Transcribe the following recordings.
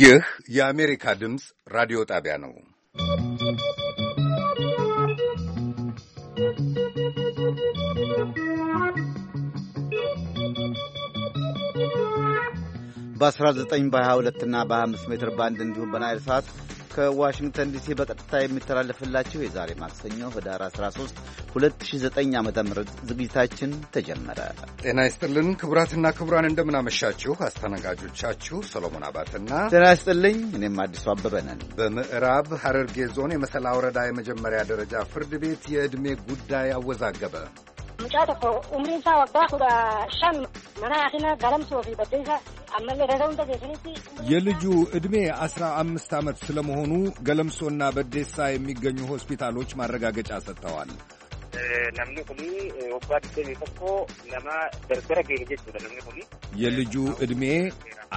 ይህ የአሜሪካ ድምፅ ራዲዮ ጣቢያ ነው። በ19 በ22 እና በ25 ሜትር ባንድ እንዲሁም በናይል ሰዓት ከዋሽንግተን ዲሲ በቀጥታ የሚተላለፍላችሁ የዛሬ ማክሰኞ ህዳር 13 2009 ዓ ም ዝግጅታችን ተጀመረ። ጤና ይስጥልን ክቡራትና ክቡራን፣ እንደምናመሻችሁ። አስተናጋጆቻችሁ ሰሎሞን አባትና ጤና ይስጥልኝ፣ እኔም አዲሱ አበበ ነን። በምዕራብ ሐረርጌ ዞን የመሰላ ወረዳ የመጀመሪያ ደረጃ ፍርድ ቤት የዕድሜ ጉዳይ አወዛገበ። ምጫ ተኮ ኡምሪንሳ ወጋ ሁዳ ሻን መና ያሲነ ጋለምሶ ፊ የልጁ ዕድሜ አስራ አምስት ዓመት ስለመሆኑ ገለምሶና በዴሳ የሚገኙ ሆስፒታሎች ማረጋገጫ ሰጥተዋል። የልጁ ዕድሜ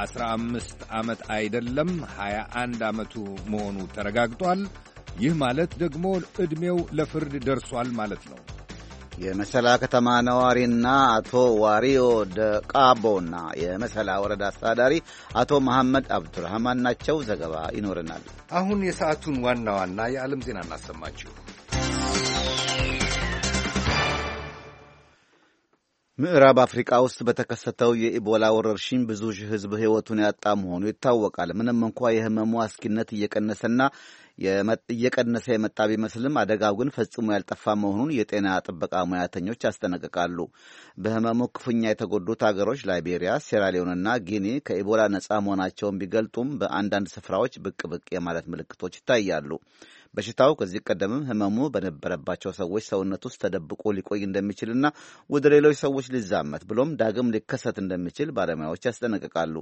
አስራ አምስት ዓመት አይደለም ሀያ አንድ ዓመቱ መሆኑ ተረጋግጧል። ይህ ማለት ደግሞ ዕድሜው ለፍርድ ደርሷል ማለት ነው። የመሰላ ከተማ ነዋሪና አቶ ዋሪዮ ደቃቦና የመሰላ ወረዳ አስተዳዳሪ አቶ መሐመድ አብዱራህማን ናቸው። ዘገባ ይኖረናል። አሁን የሰዓቱን ዋና ዋና የዓለም ዜና እናሰማችሁ። ምዕራብ አፍሪቃ ውስጥ በተከሰተው የኢቦላ ወረርሽኝ ብዙ ሺህ ሕዝብ ሕይወቱን ያጣ መሆኑ ይታወቃል። ምንም እንኳ የህመሙ አስኪነት እየቀነሰና እየቀነሰ የመጣ ቢመስልም አደጋው ግን ፈጽሞ ያልጠፋ መሆኑን የጤና ጥበቃ ሙያተኞች ያስጠነቅቃሉ። በህመሙ ክፉኛ የተጎዱት አገሮች ላይቤሪያ፣ ሴራሊዮንና ጊኒ ከኢቦላ ነጻ መሆናቸውን ቢገልጡም በአንዳንድ ስፍራዎች ብቅ ብቅ የማለት ምልክቶች ይታያሉ። በሽታው ከዚህ ቀደምም ህመሙ በነበረባቸው ሰዎች ሰውነት ውስጥ ተደብቆ ሊቆይ እንደሚችልና ወደ ሌሎች ሰዎች ሊዛመት ብሎም ዳግም ሊከሰት እንደሚችል ባለሙያዎች ያስጠነቅቃሉ።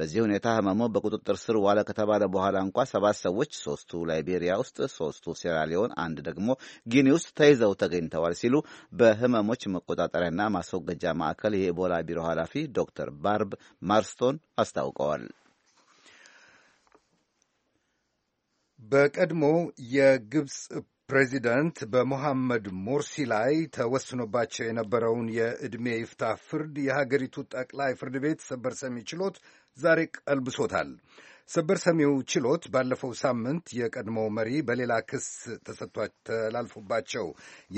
በዚህ ሁኔታ ህመሙ በቁጥጥር ስር ዋለ ከተባለ በኋላ እንኳ ሰባት ሰዎች ሶስቱ ላይቤሪያ ውስጥ፣ ሶስቱ ሴራሊዮን፣ አንድ ደግሞ ጊኒ ውስጥ ተይዘው ተገኝተዋል ሲሉ በህመሞች መቆጣጠሪያና ማስወገጃ ማዕከል የኢቦላ ቢሮ ኃላፊ ዶክተር ባርብ ማርስቶን አስታውቀዋል። በቀድሞ የግብፅ ፕሬዚደንት በሞሐመድ ሞርሲ ላይ ተወስኖባቸው የነበረውን የዕድሜ ይፍታ ፍርድ የሀገሪቱ ጠቅላይ ፍርድ ቤት ሰበር ሰሚ ችሎት ዛሬ ቀልብሶታል። ሰበር ሰሚው ችሎት ባለፈው ሳምንት የቀድሞ መሪ በሌላ ክስ ተላልፎባቸው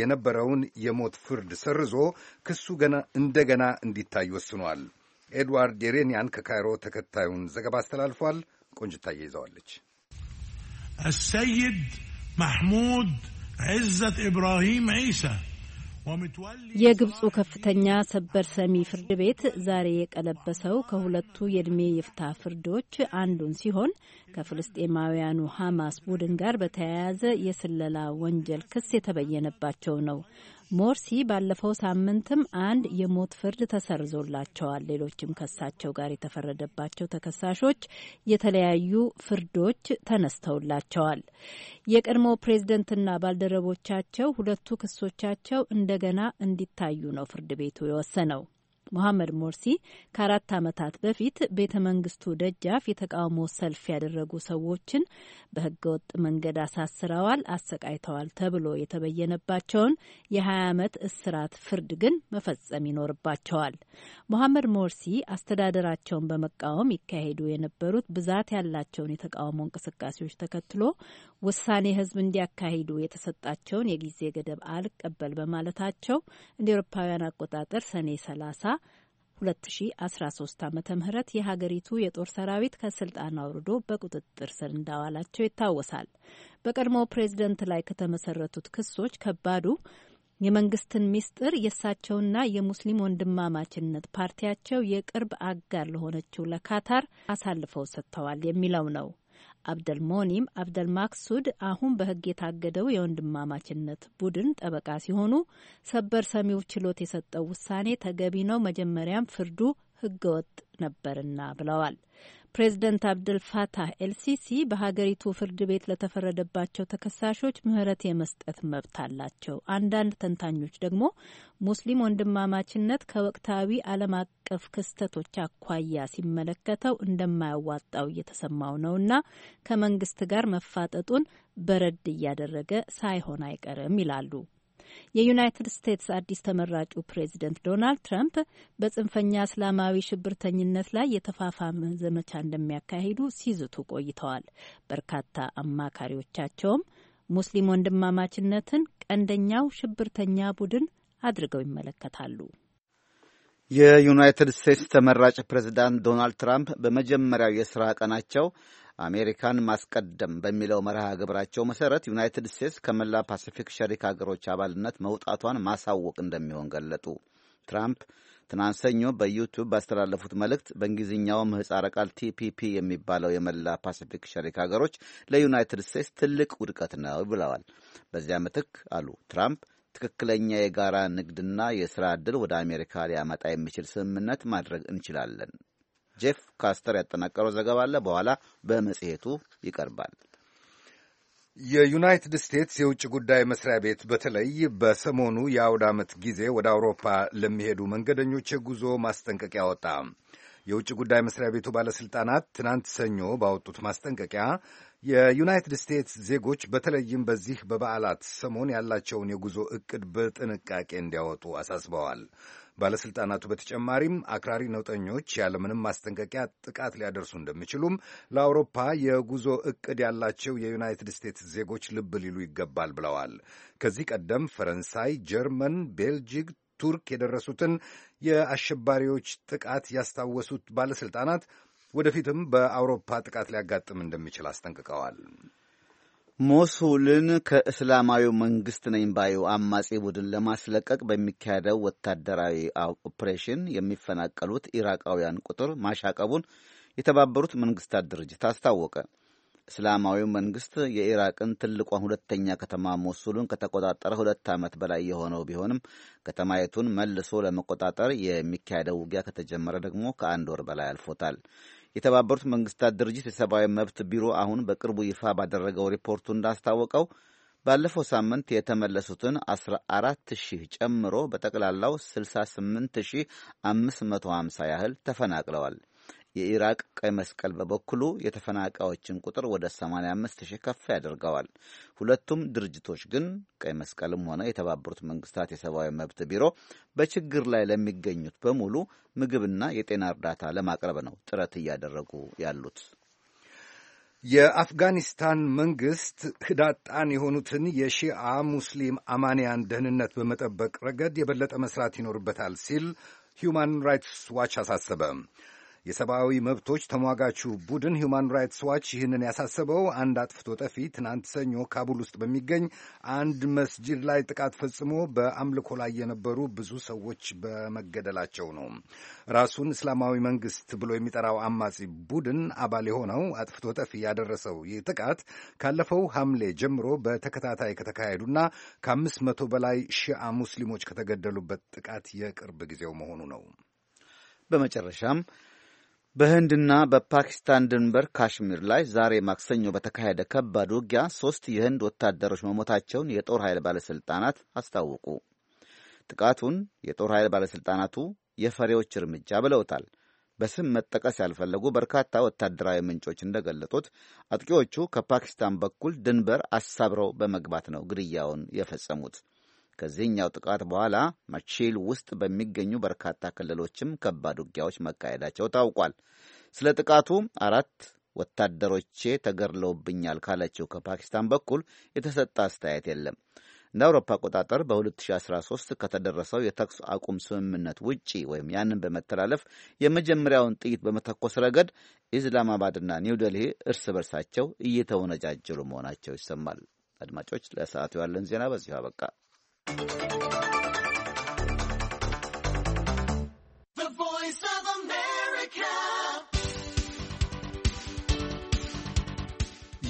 የነበረውን የሞት ፍርድ ሰርዞ ክሱ ገና እንደገና እንዲታይ ወስኗል። ኤድዋርድ የሬንያን ከካይሮ ተከታዩን ዘገባ አስተላልፏል። ቆንጅታዬ ይዘዋለች። አሰይድ ማሕሙድ ዕዘት ኢብራሂም ዒሳ የግብፁ ከፍተኛ ሰበር ሰሚ ፍርድ ቤት ዛሬ የቀለበሰው ከሁለቱ የእድሜ ይፍታ ፍርዶች አንዱን ሲሆን ከፍልስጤማውያኑ ሐማስ ቡድን ጋር በተያያዘ የስለላ ወንጀል ክስ የተበየነባቸው ነው። ሞርሲ ባለፈው ሳምንትም አንድ የሞት ፍርድ ተሰርዞላቸዋል። ሌሎችም ከሳቸው ጋር የተፈረደባቸው ተከሳሾች የተለያዩ ፍርዶች ተነስተውላቸዋል። የቀድሞ ፕሬዝደንትና ባልደረቦቻቸው ሁለቱ ክሶቻቸው እንደገና እንዲታዩ ነው ፍርድ ቤቱ የወሰነው። ሞሐመድ ሞርሲ ከአራት ዓመታት በፊት ቤተ መንግስቱ ደጃፍ የተቃውሞ ሰልፍ ያደረጉ ሰዎችን በህገወጥ መንገድ አሳስረዋል፣ አሰቃይተዋል ተብሎ የተበየነባቸውን የ20 ዓመት እስራት ፍርድ ግን መፈጸም ይኖርባቸዋል። ሞሐመድ ሞርሲ አስተዳደራቸውን በመቃወም ይካሄዱ የነበሩት ብዛት ያላቸውን የተቃውሞ እንቅስቃሴዎች ተከትሎ ውሳኔ ህዝብ እንዲያካሂዱ የተሰጣቸውን የጊዜ ገደብ አልቀበል በማለታቸው እንደ ኤሮፓውያን አቆጣጠር ሰኔ 30 2013 ዓ ም የሀገሪቱ የጦር ሰራዊት ከስልጣን አውርዶ በቁጥጥር ስር እንዳዋላቸው ይታወሳል። በቀድሞ ፕሬዝደንት ላይ ከተመሰረቱት ክሶች ከባዱ የመንግስትን ሚስጥር የእሳቸውና የሙስሊም ወንድማማችነት ፓርቲያቸው የቅርብ አጋር ለሆነችው ለካታር አሳልፈው ሰጥተዋል የሚለው ነው። አብደል ሞኒም አብደል ማክሱድ አሁን በህግ የታገደው የወንድማማችነት ቡድን ጠበቃ ሲሆኑ ሰበር ሰሚው ችሎት የሰጠው ውሳኔ ተገቢ ነው፣ መጀመሪያም ፍርዱ ህገወጥ ነበርና ብለዋል። ፕሬዝደንት አብደል ፋታህ ኤልሲሲ በሀገሪቱ ፍርድ ቤት ለተፈረደባቸው ተከሳሾች ምህረት የመስጠት መብት አላቸው። አንዳንድ ተንታኞች ደግሞ ሙስሊም ወንድማማችነት ከወቅታዊ ዓለም አቀፍ ክስተቶች አኳያ ሲመለከተው እንደማያዋጣው እየተሰማው ነውና ከመንግስት ጋር መፋጠጡን በረድ እያደረገ ሳይሆን አይቀርም ይላሉ። የዩናይትድ ስቴትስ አዲስ ተመራጩ ፕሬዚደንት ዶናልድ ትራምፕ በጽንፈኛ እስላማዊ ሽብርተኝነት ላይ የተፋፋመ ዘመቻ እንደሚያካሂዱ ሲዝቱ ቆይተዋል። በርካታ አማካሪዎቻቸውም ሙስሊም ወንድማማችነትን ቀንደኛው ሽብርተኛ ቡድን አድርገው ይመለከታሉ። የዩናይትድ ስቴትስ ተመራጭ ፕሬዚዳንት ዶናልድ ትራምፕ በመጀመሪያው የሥራ ቀናቸው አሜሪካን ማስቀደም በሚለው መርሃ ግብራቸው መሰረት ዩናይትድ ስቴትስ ከመላ ፓሲፊክ ሸሪክ አገሮች አባልነት መውጣቷን ማሳወቅ እንደሚሆን ገለጡ። ትራምፕ ትናንት ሰኞ በዩቱብ ባስተላለፉት መልእክት በእንግሊዝኛው ምህጻረ ቃል ቲፒፒ የሚባለው የመላ ፓሲፊክ ሸሪክ ሀገሮች ለዩናይትድ ስቴትስ ትልቅ ውድቀት ነው ብለዋል። በዚያ ምትክ አሉ ትራምፕ ትክክለኛ የጋራ ንግድና የስራ ዕድል ወደ አሜሪካ ሊያመጣ የሚችል ስምምነት ማድረግ እንችላለን ጄፍ ካስተር ያጠናቀረው ዘገባ አለ። በኋላ በመጽሔቱ ይቀርባል። የዩናይትድ ስቴትስ የውጭ ጉዳይ መስሪያ ቤት በተለይ በሰሞኑ የአውድ ዓመት ጊዜ ወደ አውሮፓ ለሚሄዱ መንገደኞች የጉዞ ማስጠንቀቂያ ወጣ። የውጭ ጉዳይ መስሪያ ቤቱ ባለሥልጣናት ትናንት ሰኞ ባወጡት ማስጠንቀቂያ የዩናይትድ ስቴትስ ዜጎች በተለይም በዚህ በበዓላት ሰሞን ያላቸውን የጉዞ እቅድ በጥንቃቄ እንዲያወጡ አሳስበዋል። ባለሥልጣናቱ በተጨማሪም አክራሪ ነውጠኞች ያለምንም ማስጠንቀቂያ ጥቃት ሊያደርሱ እንደሚችሉም ለአውሮፓ የጉዞ እቅድ ያላቸው የዩናይትድ ስቴትስ ዜጎች ልብ ሊሉ ይገባል ብለዋል። ከዚህ ቀደም ፈረንሳይ፣ ጀርመን፣ ቤልጂክ ቱርክ የደረሱትን የአሸባሪዎች ጥቃት ያስታወሱት ባለሥልጣናት ወደፊትም በአውሮፓ ጥቃት ሊያጋጥም እንደሚችል አስጠንቅቀዋል። ሞሱልን ከእስላማዊ መንግስት ነኝ ባዩ አማጺ ቡድን ለማስለቀቅ በሚካሄደው ወታደራዊ ኦፕሬሽን የሚፈናቀሉት ኢራቃውያን ቁጥር ማሻቀቡን የተባበሩት መንግስታት ድርጅት አስታወቀ። እስላማዊ መንግስት የኢራቅን ትልቋን ሁለተኛ ከተማ ሞሱሉን ከተቆጣጠረ ሁለት ዓመት በላይ የሆነው ቢሆንም ከተማይቱን መልሶ ለመቆጣጠር የሚካሄደው ውጊያ ከተጀመረ ደግሞ ከአንድ ወር በላይ አልፎታል። የተባበሩት መንግስታት ድርጅት የሰብአዊ መብት ቢሮ አሁን በቅርቡ ይፋ ባደረገው ሪፖርቱ እንዳስታወቀው ባለፈው ሳምንት የተመለሱትን 14 ሺህ ጨምሮ በጠቅላላው 68550 ያህል ተፈናቅለዋል። የኢራቅ ቀይ መስቀል በበኩሉ የተፈናቃዮችን ቁጥር ወደ 85 ሺህ ከፍ ያደርገዋል። ሁለቱም ድርጅቶች ግን ቀይ መስቀልም ሆነ የተባበሩት መንግስታት የሰብአዊ መብት ቢሮ በችግር ላይ ለሚገኙት በሙሉ ምግብና የጤና እርዳታ ለማቅረብ ነው ጥረት እያደረጉ ያሉት። የአፍጋኒስታን መንግስት ህዳጣን የሆኑትን የሺአ ሙስሊም አማንያን ደህንነት በመጠበቅ ረገድ የበለጠ መስራት ይኖርበታል ሲል ሂውማን ራይትስ ዋች አሳሰበ። የሰብአዊ መብቶች ተሟጋቹ ቡድን ሁማን ራይትስ ዋች ይህንን ያሳሰበው አንድ አጥፍቶ ጠፊ ትናንት ሰኞ ካቡል ውስጥ በሚገኝ አንድ መስጂድ ላይ ጥቃት ፈጽሞ በአምልኮ ላይ የነበሩ ብዙ ሰዎች በመገደላቸው ነው። ራሱን እስላማዊ መንግስት ብሎ የሚጠራው አማጺ ቡድን አባል የሆነው አጥፍቶ ጠፊ ያደረሰው ይህ ጥቃት ካለፈው ሐምሌ ጀምሮ በተከታታይ ከተካሄዱና ከአምስት መቶ በላይ ሺአ ሙስሊሞች ከተገደሉበት ጥቃት የቅርብ ጊዜው መሆኑ ነው። በመጨረሻም በህንድና በፓኪስታን ድንበር ካሽሚር ላይ ዛሬ ማክሰኞ በተካሄደ ከባድ ውጊያ ሶስት የህንድ ወታደሮች መሞታቸውን የጦር ኃይል ባለሥልጣናት አስታወቁ። ጥቃቱን የጦር ኃይል ባለሥልጣናቱ የፈሪዎች እርምጃ ብለውታል። በስም መጠቀስ ያልፈለጉ በርካታ ወታደራዊ ምንጮች እንደገለጡት አጥቂዎቹ ከፓኪስታን በኩል ድንበር አሳብረው በመግባት ነው ግድያውን የፈጸሙት። ከዚህኛው ጥቃት በኋላ ማቼል ውስጥ በሚገኙ በርካታ ክልሎችም ከባድ ውጊያዎች መካሄዳቸው ታውቋል። ስለ ጥቃቱ አራት ወታደሮቼ ተገድለውብኛል ካለችው ከፓኪስታን በኩል የተሰጠ አስተያየት የለም። እንደ አውሮፓ አቆጣጠር በ2013 ከተደረሰው የተኩስ አቁም ስምምነት ውጪ ወይም ያንን በመተላለፍ የመጀመሪያውን ጥይት በመተኮስ ረገድ ኢስላማባድና ኒውደልሂ እርስ በርሳቸው እየተወነጃጀሉ መሆናቸው ይሰማል። አድማጮች፣ ለሰዓቱ ያለን ዜና በዚሁ አበቃ።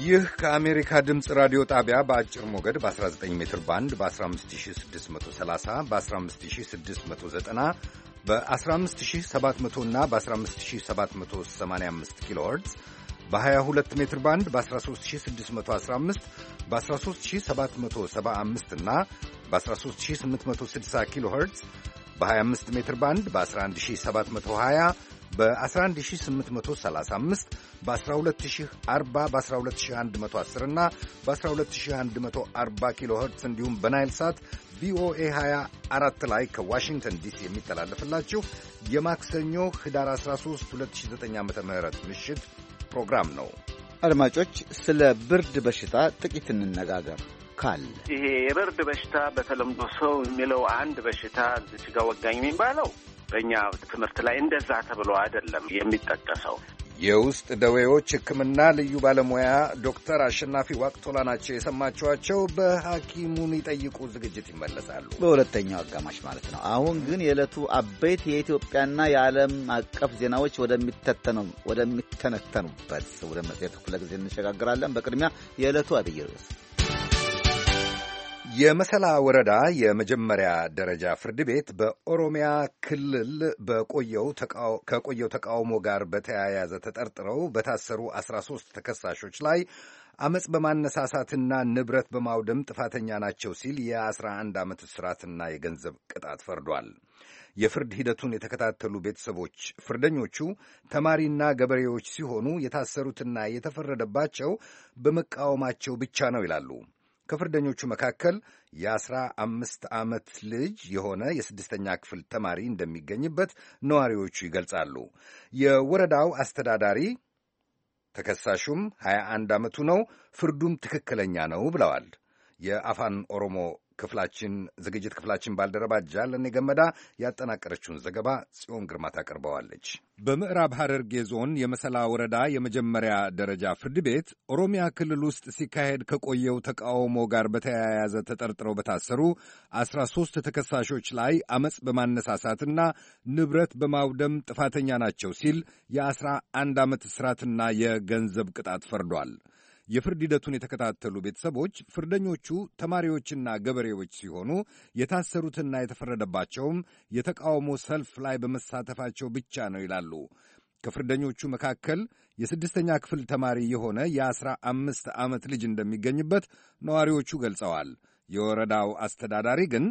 ይህ ከአሜሪካ ድምፅ ራዲዮ ጣቢያ በአጭር ሞገድ በ19 ሜትር ባንድ በ15630 በ15690 በ15700 እና በ15785 ኪሎ ኸርትዝ በ22 ሜትር ባንድ በ13615 በ13775 እና በ13860 ኪሎ ኸርትዝ በ25 ሜትር ባንድ በ11720 በ11835 በ12040 በ12110 እና በ12140 ኪሎ ኸርትዝ እንዲሁም በናይል ሳት ቪኦኤ 24 ላይ ከዋሽንግተን ዲሲ የሚተላለፍላችሁ የማክሰኞ ህዳር 13 2009 ዓ ም ምሽት ፕሮግራም ነው። አድማጮች፣ ስለ ብርድ በሽታ ጥቂት እንነጋገር ካል ይሄ የብርድ በሽታ በተለምዶ ሰው የሚለው አንድ በሽታ ችጋ ወጋኝ የሚባለው በእኛ ትምህርት ላይ እንደዛ ተብሎ አይደለም የሚጠቀሰው። የውስጥ ደዌዎች ሕክምና ልዩ ባለሙያ ዶክተር አሸናፊ ዋቅቶላ ናቸው የሰማችኋቸው። በሐኪሙን ይጠይቁ ዝግጅት ይመለሳሉ በሁለተኛው አጋማሽ ማለት ነው። አሁን ግን የዕለቱ አበይት የኢትዮጵያና የዓለም አቀፍ ዜናዎች ወደሚተነተኑበት ወደ መጽሔቱ ክፍለ ጊዜ እንሸጋግራለን። በቅድሚያ የዕለቱ አብይ ርዕስ የመሰላ ወረዳ የመጀመሪያ ደረጃ ፍርድ ቤት በኦሮሚያ ክልል ከቆየው ተቃውሞ ጋር በተያያዘ ተጠርጥረው በታሰሩ 13 ተከሳሾች ላይ አመፅ በማነሳሳትና ንብረት በማውደም ጥፋተኛ ናቸው ሲል የ11 ዓመት እስራትና የገንዘብ ቅጣት ፈርዷል። የፍርድ ሂደቱን የተከታተሉ ቤተሰቦች ፍርደኞቹ ተማሪና ገበሬዎች ሲሆኑ የታሰሩትና የተፈረደባቸው በመቃወማቸው ብቻ ነው ይላሉ። ከፍርደኞቹ መካከል የአስራ አምስት ዓመት ልጅ የሆነ የስድስተኛ ክፍል ተማሪ እንደሚገኝበት ነዋሪዎቹ ይገልጻሉ። የወረዳው አስተዳዳሪ ተከሳሹም 21 ዓመቱ ነው፣ ፍርዱም ትክክለኛ ነው ብለዋል። የአፋን ኦሮሞ ክፍላችን ዝግጅት ክፍላችን ባልደረባ ጃለኔ ገመዳ ያጠናቀረችውን ዘገባ ጽዮን ግርማ ታቀርበዋለች። በምዕራብ ሐረርጌ ዞን የመሰላ ወረዳ የመጀመሪያ ደረጃ ፍርድ ቤት ኦሮሚያ ክልል ውስጥ ሲካሄድ ከቆየው ተቃውሞ ጋር በተያያዘ ተጠርጥረው በታሰሩ አስራ ሦስት ተከሳሾች ላይ አመፅ በማነሳሳትና ንብረት በማውደም ጥፋተኛ ናቸው ሲል የአስራ አንድ ዓመት እስራትና የገንዘብ ቅጣት ፈርዷል። የፍርድ ሂደቱን የተከታተሉ ቤተሰቦች ፍርደኞቹ ተማሪዎችና ገበሬዎች ሲሆኑ የታሰሩትና የተፈረደባቸውም የተቃውሞ ሰልፍ ላይ በመሳተፋቸው ብቻ ነው ይላሉ። ከፍርደኞቹ መካከል የስድስተኛ ክፍል ተማሪ የሆነ የአስራ አምስት ዓመት ልጅ እንደሚገኝበት ነዋሪዎቹ ገልጸዋል። የወረዳው አስተዳዳሪ ግን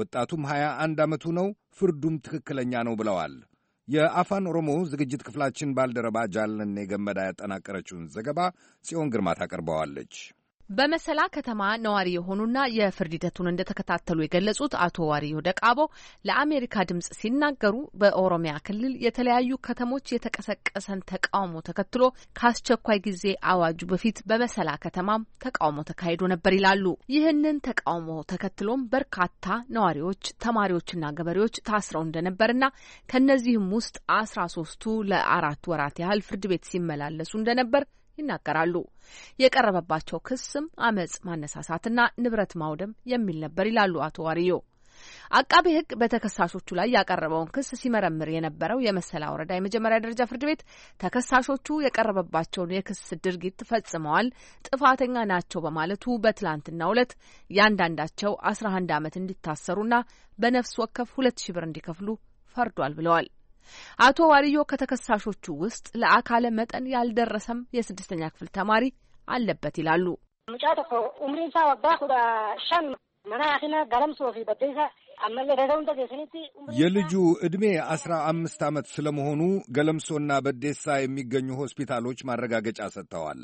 ወጣቱም 21 ዓመቱ ነው፣ ፍርዱም ትክክለኛ ነው ብለዋል። የአፋን ኦሮሞ ዝግጅት ክፍላችን ባልደረባ ጃለኔ ገመዳ ያጠናቀረችውን ዘገባ ጽዮን ግርማ ታቀርበዋለች። በመሰላ ከተማ ነዋሪ የሆኑና የፍርድ ሂደቱን እንደተከታተሉ የገለጹት አቶ ዋሪዮ ደቃቦ ለአሜሪካ ድምጽ ሲናገሩ በኦሮሚያ ክልል የተለያዩ ከተሞች የተቀሰቀሰን ተቃውሞ ተከትሎ ከአስቸኳይ ጊዜ አዋጁ በፊት በመሰላ ከተማም ተቃውሞ ተካሂዶ ነበር ይላሉ። ይህንን ተቃውሞ ተከትሎም በርካታ ነዋሪዎች፣ ተማሪዎችና ገበሬዎች ታስረው እንደነበርና ከእነዚህም ውስጥ አስራ ሶስቱ ለአራት ወራት ያህል ፍርድ ቤት ሲመላለሱ እንደነበር ይናገራሉ። የቀረበባቸው ክስም አመጽ ማነሳሳትና ንብረት ማውደም የሚል ነበር ይላሉ አቶ ዋርዮ አቃቤ ሕግ በተከሳሾቹ ላይ ያቀረበውን ክስ ሲመረምር የነበረው የመሰላ ወረዳ የመጀመሪያ ደረጃ ፍርድ ቤት ተከሳሾቹ የቀረበባቸውን የክስ ድርጊት ፈጽመዋል፣ ጥፋተኛ ናቸው በማለቱ በትላንትናው ዕለት እያንዳንዳቸው አስራ አንድ አመት እንዲታሰሩና በነፍስ ወከፍ ሁለት ሺ ብር እንዲከፍሉ ፈርዷል ብለዋል። አቶ ዋልዮ ከተከሳሾቹ ውስጥ ለአካለ መጠን ያልደረሰም የስድስተኛ ክፍል ተማሪ አለበት ይላሉ። የልጁ ዕድሜ አስራ አምስት ዓመት ስለመሆኑ ገለምሶና በዴሳ የሚገኙ ሆስፒታሎች ማረጋገጫ ሰጥተዋል።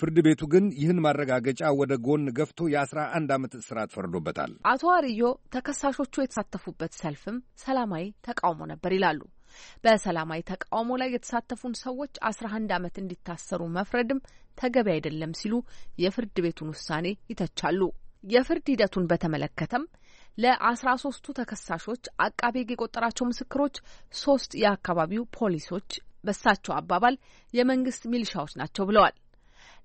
ፍርድ ቤቱ ግን ይህን ማረጋገጫ ወደ ጎን ገፍቶ የአስራ አንድ ዓመት እስራት ፈርዶበታል። አቶ ዋርዮ ተከሳሾቹ የተሳተፉበት ሰልፍም ሰላማዊ ተቃውሞ ነበር ይላሉ። በሰላማዊ ተቃውሞ ላይ የተሳተፉን ሰዎች አስራ አንድ አመት እንዲታሰሩ መፍረድም ተገቢ አይደለም ሲሉ የፍርድ ቤቱን ውሳኔ ይተቻሉ። የፍርድ ሂደቱን በተመለከተም ለአስራ ሶስቱ ተከሳሾች አቃቤ ሕግ የቆጠራቸው ምስክሮች ሶስት የአካባቢው ፖሊሶች በሳቸው አባባል የመንግስት ሚሊሻዎች ናቸው ብለዋል።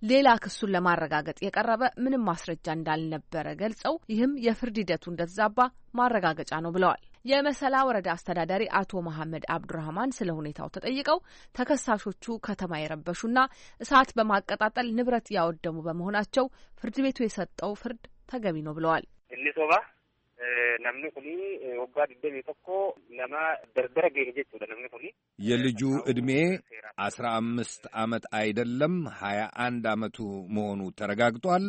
ሌላ ክሱን ለማረጋገጥ የቀረበ ምንም ማስረጃ እንዳልነበረ ገልጸው ይህም የፍርድ ሂደቱ እንደተዛባ ማረጋገጫ ነው ብለዋል። የመሰላ ወረዳ አስተዳዳሪ አቶ መሐመድ አብዱራህማን ስለ ሁኔታው ተጠይቀው ተከሳሾቹ ከተማ የረበሹና እሳት በማቀጣጠል ንብረት ያወደሙ በመሆናቸው ፍርድ ቤቱ የሰጠው ፍርድ ተገቢ ነው ብለዋል። የልጁ ዕድሜ አስራ አምስት ዓመት አይደለም ሀያ አንድ ዓመቱ መሆኑ ተረጋግጧል።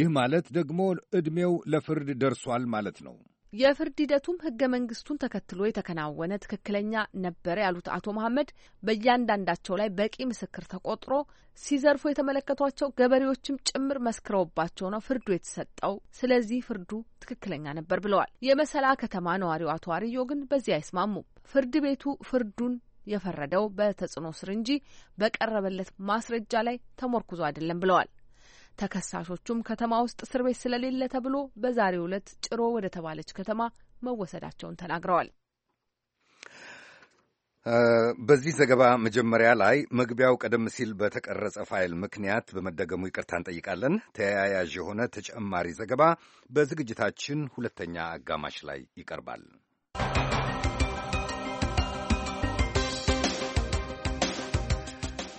ይህ ማለት ደግሞ ዕድሜው ለፍርድ ደርሷል ማለት ነው። የፍርድ ሂደቱም ህገ መንግስቱን ተከትሎ የተከናወነ ትክክለኛ ነበር ያሉት አቶ መሀመድ በእያንዳንዳቸው ላይ በቂ ምስክር ተቆጥሮ ሲዘርፉ የተመለከቷቸው ገበሬዎችም ጭምር መስክረውባቸው ነው ፍርዱ የተሰጠው። ስለዚህ ፍርዱ ትክክለኛ ነበር ብለዋል። የመሰላ ከተማ ነዋሪው አቶ አርዮ ግን በዚህ አይስማሙም። ፍርድ ቤቱ ፍርዱን የፈረደው በተጽዕኖ ስር እንጂ በቀረበለት ማስረጃ ላይ ተሞርኩዞ አይደለም ብለዋል። ተከሳሾቹም ከተማ ውስጥ እስር ቤት ስለሌለ ተብሎ በዛሬው ዕለት ጭሮ ወደ ተባለች ከተማ መወሰዳቸውን ተናግረዋል። በዚህ ዘገባ መጀመሪያ ላይ መግቢያው ቀደም ሲል በተቀረጸ ፋይል ምክንያት በመደገሙ ይቅርታ እንጠይቃለን። ተያያዥ የሆነ ተጨማሪ ዘገባ በዝግጅታችን ሁለተኛ አጋማሽ ላይ ይቀርባል።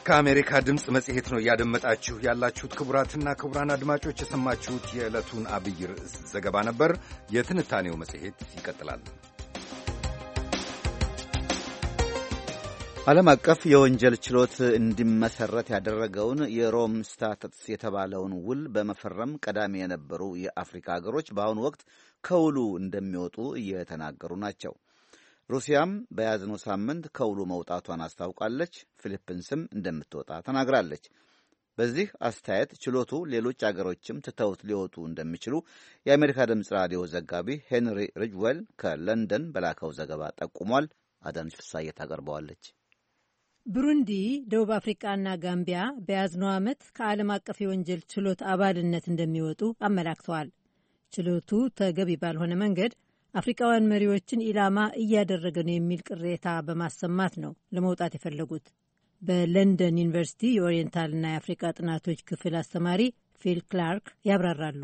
ከአሜሪካ ድምፅ መጽሔት ነው እያደመጣችሁ ያላችሁት። ክቡራትና ክቡራን አድማጮች የሰማችሁት የዕለቱን አብይ ርዕስ ዘገባ ነበር። የትንታኔው መጽሔት ይቀጥላል። ዓለም አቀፍ የወንጀል ችሎት እንዲመሰረት ያደረገውን የሮም ስታተስ የተባለውን ውል በመፈረም ቀዳሚ የነበሩ የአፍሪካ ሀገሮች በአሁኑ ወቅት ከውሉ እንደሚወጡ እየተናገሩ ናቸው። ሩሲያም በያዝነው ሳምንት ከውሉ መውጣቷን አስታውቃለች። ፊሊፒንስም እንደምትወጣ ተናግራለች። በዚህ አስተያየት ችሎቱ ሌሎች አገሮችም ትተውት ሊወጡ እንደሚችሉ የአሜሪካ ድምፅ ራዲዮ ዘጋቢ ሄንሪ ሪጅዌል ከለንደን በላከው ዘገባ ጠቁሟል። አዳነች ፍሳዬ ታቀርበዋለች። ብሩንዲ፣ ደቡብ አፍሪቃና ጋምቢያ በያዝነው ዓመት ከዓለም አቀፍ የወንጀል ችሎት አባልነት እንደሚወጡ አመላክተዋል። ችሎቱ ተገቢ ባልሆነ መንገድ አፍሪካውያን መሪዎችን ኢላማ እያደረገ ነው የሚል ቅሬታ በማሰማት ነው ለመውጣት የፈለጉት። በለንደን ዩኒቨርሲቲ የኦሪየንታልና የአፍሪካ ጥናቶች ክፍል አስተማሪ ፊል ክላርክ ያብራራሉ።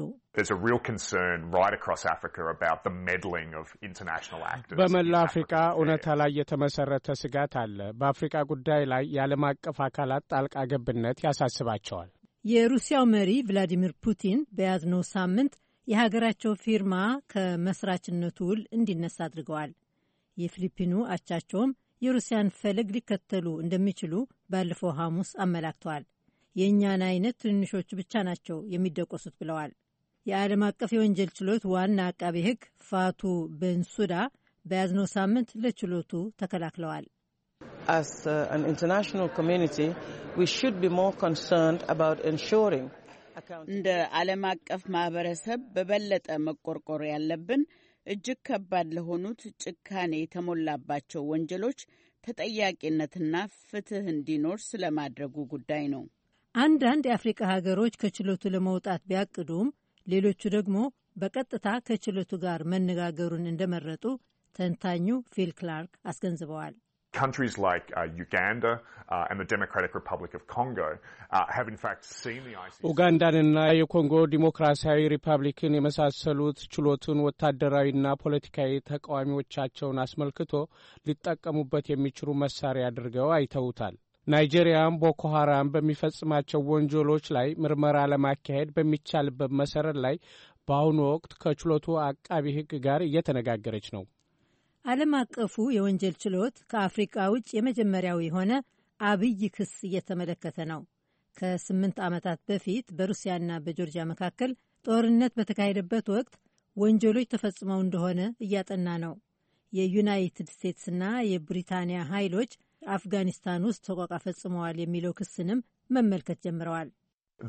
በመላ አፍሪካ እውነታ ላይ የተመሰረተ ስጋት አለ። በአፍሪካ ጉዳይ ላይ የዓለም አቀፍ አካላት ጣልቃ ገብነት ያሳስባቸዋል። የሩሲያው መሪ ቭላዲሚር ፑቲን በያዝነው ሳምንት የሀገራቸው ፊርማ ከመስራችነቱ ውል እንዲነሳ አድርገዋል። የፊሊፒኑ አቻቸውም የሩሲያን ፈለግ ሊከተሉ እንደሚችሉ ባለፈው ሐሙስ አመላክተዋል። የእኛን አይነት ትንንሾቹ ብቻ ናቸው የሚደቆሱት ብለዋል። የዓለም አቀፍ የወንጀል ችሎት ዋና አቃቤ ሕግ ፋቱ ቤንሱዳ በያዝነው ሳምንት ለችሎቱ ተከላክለዋል። ኢንተርናሽናል ኮሚኒቲ ሹድ ቢ ሞር ኮንሰርንድ አባውት ኢንሹሪንግ እንደ ዓለም አቀፍ ማህበረሰብ በበለጠ መቆርቆር ያለብን እጅግ ከባድ ለሆኑት ጭካኔ የተሞላባቸው ወንጀሎች ተጠያቂነትና ፍትህ እንዲኖር ስለማድረጉ ጉዳይ ነው። አንዳንድ የአፍሪቃ ሀገሮች ከችሎቱ ለመውጣት ቢያቅዱም ሌሎቹ ደግሞ በቀጥታ ከችሎቱ ጋር መነጋገሩን እንደመረጡ ተንታኙ ፊል ክላርክ አስገንዝበዋል። countries like uh, Uganda uh, and the Democratic Republic of Congo uh, have in fact seen the ICC ኡጋንዳንና የኮንጎ ዲሞክራሲያዊ ሪፐብሊክን የመሳሰሉት ችሎቱን ወታደራዊና ፖለቲካዊ ተቃዋሚዎቻቸውን አስመልክቶ ሊጠቀሙበት የሚችሉ መሳሪያ አድርገው አይተውታል። ናይጄሪያም ቦኮ ሀራም በሚፈጽማቸው ወንጀሎች ላይ ምርመራ ለማካሄድ በሚቻልበት መሰረት ላይ በአሁኑ ወቅት ከችሎቱ አቃቢ ሕግ ጋር እየተነጋገረች ነው። ዓለም አቀፉ የወንጀል ችሎት ከአፍሪቃ ውጭ የመጀመሪያው የሆነ አብይ ክስ እየተመለከተ ነው። ከስምንት ዓመታት በፊት በሩሲያና በጆርጂያ መካከል ጦርነት በተካሄደበት ወቅት ወንጀሎች ተፈጽመው እንደሆነ እያጠና ነው። የዩናይትድ ስቴትስና የብሪታንያ ኃይሎች አፍጋኒስታን ውስጥ ሰቆቃ ፈጽመዋል የሚለው ክስንም መመልከት ጀምረዋል።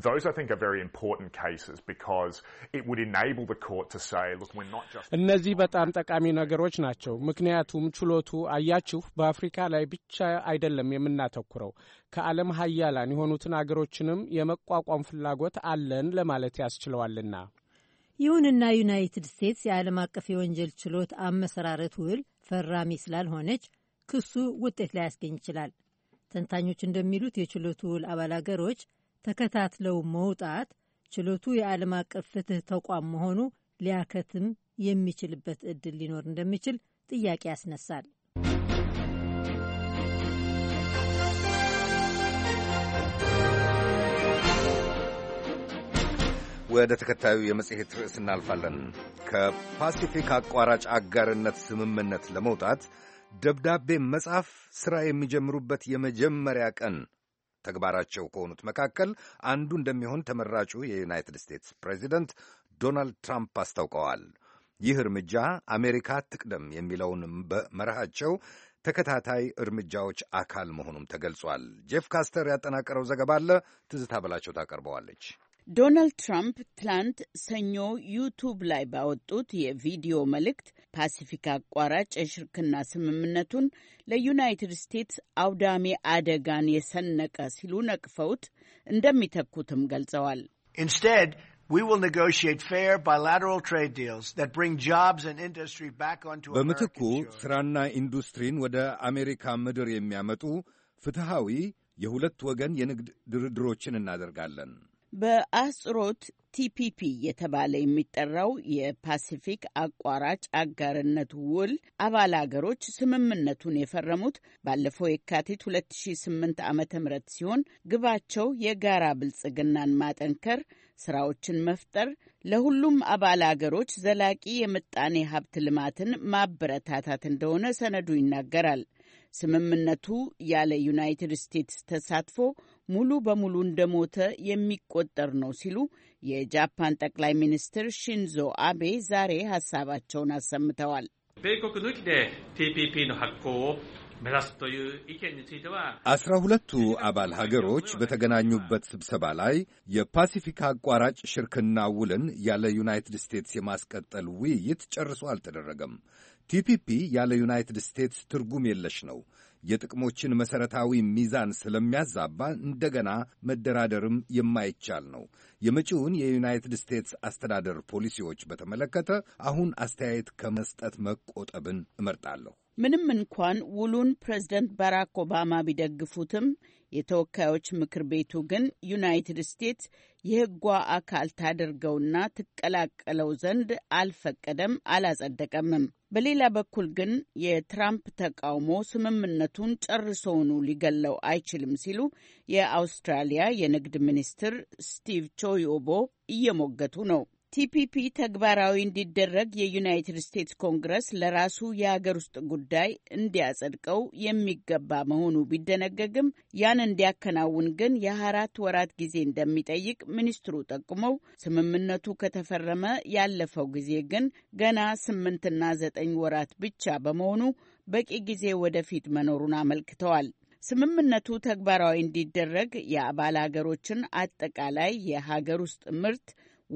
Those I think are very important cases because it would enable the court to say, look, we're not just... እነዚህ በጣም ጠቃሚ ነገሮች ናቸው። ምክንያቱም ችሎቱ አያችሁ በአፍሪካ ላይ ብቻ አይደለም የምናተኩረው ከዓለም ሀያላን የሆኑትን አገሮችንም የመቋቋም ፍላጎት አለን ለማለት ያስችለዋልና። ይሁንና ዩናይትድ ስቴትስ የዓለም አቀፍ የወንጀል ችሎት አመሰራረት ውል ፈራሚ ስላልሆነች ክሱ ውጤት ላያስገኝ ይችላል። ተንታኞች እንደሚሉት የችሎቱ ውል አባል አገሮች ተከታትለው መውጣት ችሎቱ የዓለም አቀፍ ፍትህ ተቋም መሆኑ ሊያከትም የሚችልበት እድል ሊኖር እንደሚችል ጥያቄ ያስነሳል። ወደ ተከታዩ የመጽሔት ርዕስ እናልፋለን። ከፓሲፊክ አቋራጭ አጋርነት ስምምነት ለመውጣት ደብዳቤ መጻፍ ሥራ የሚጀምሩበት የመጀመሪያ ቀን ተግባራቸው ከሆኑት መካከል አንዱ እንደሚሆን ተመራጩ የዩናይትድ ስቴትስ ፕሬዚደንት ዶናልድ ትራምፕ አስታውቀዋል። ይህ እርምጃ አሜሪካ ትቅደም የሚለውን በመርሃቸው ተከታታይ እርምጃዎች አካል መሆኑም ተገልጿል። ጄፍ ካስተር ያጠናቀረው ዘገባ አለ። ትዝታ በላቸው ታቀርበዋለች። ዶናልድ ትራምፕ ትላንት ሰኞ ዩቱብ ላይ ባወጡት የቪዲዮ መልእክት ፓሲፊክ አቋራጭ የሽርክና ስምምነቱን ለዩናይትድ ስቴትስ አውዳሚ አደጋን የሰነቀ ሲሉ ነቅፈውት እንደሚተኩትም ገልጸዋል። በምትኩ ስራና ኢንዱስትሪን ወደ አሜሪካ ምድር የሚያመጡ ፍትሐዊ የሁለት ወገን የንግድ ድርድሮችን እናደርጋለን። በአጽሮት ቲፒፒ የተባለ የሚጠራው የፓሲፊክ አቋራጭ አጋርነት ውል አባል አገሮች ስምምነቱን የፈረሙት ባለፈው የካቲት 2008 ዓ ም ሲሆን ግባቸው የጋራ ብልጽግናን ማጠንከር፣ ስራዎችን መፍጠር፣ ለሁሉም አባል አገሮች ዘላቂ የምጣኔ ሀብት ልማትን ማበረታታት እንደሆነ ሰነዱ ይናገራል። ስምምነቱ ያለ ዩናይትድ ስቴትስ ተሳትፎ ሙሉ በሙሉ እንደሞተ የሚቆጠር ነው ሲሉ የጃፓን ጠቅላይ ሚኒስትር ሺንዞ አቤ ዛሬ ሀሳባቸውን አሰምተዋል። አስራ ሁለቱ አባል ሀገሮች በተገናኙበት ስብሰባ ላይ የፓሲፊክ አቋራጭ ሽርክና ውልን ያለ ዩናይትድ ስቴትስ የማስቀጠል ውይይት ጨርሶ አልተደረገም። ቲፒፒ ያለ ዩናይትድ ስቴትስ ትርጉም የለሽ ነው። የጥቅሞችን መሠረታዊ ሚዛን ስለሚያዛባ እንደገና መደራደርም የማይቻል ነው። የመጪውን የዩናይትድ ስቴትስ አስተዳደር ፖሊሲዎች በተመለከተ አሁን አስተያየት ከመስጠት መቆጠብን እመርጣለሁ። ምንም እንኳን ውሉን ፕሬዝደንት ባራክ ኦባማ ቢደግፉትም የተወካዮች ምክር ቤቱ ግን ዩናይትድ ስቴትስ የሕጓ አካል ታደርገውና ትቀላቀለው ዘንድ አልፈቀደም፣ አላጸደቀምም። በሌላ በኩል ግን የትራምፕ ተቃውሞ ስምምነቱን ጨርሶውኑ ሊገለው አይችልም ሲሉ የአውስትራሊያ የንግድ ሚኒስትር ስቲቭ ቾዮቦ እየሞገቱ ነው። ቲፒፒ ተግባራዊ እንዲደረግ የዩናይትድ ስቴትስ ኮንግረስ ለራሱ የሀገር ውስጥ ጉዳይ እንዲያጸድቀው የሚገባ መሆኑ ቢደነገግም ያን እንዲያከናውን ግን የአራት ወራት ጊዜ እንደሚጠይቅ ሚኒስትሩ ጠቁመው ስምምነቱ ከተፈረመ ያለፈው ጊዜ ግን ገና ስምንትና ዘጠኝ ወራት ብቻ በመሆኑ በቂ ጊዜ ወደፊት መኖሩን አመልክተዋል። ስምምነቱ ተግባራዊ እንዲደረግ የአባል ሀገሮችን አጠቃላይ የሀገር ውስጥ ምርት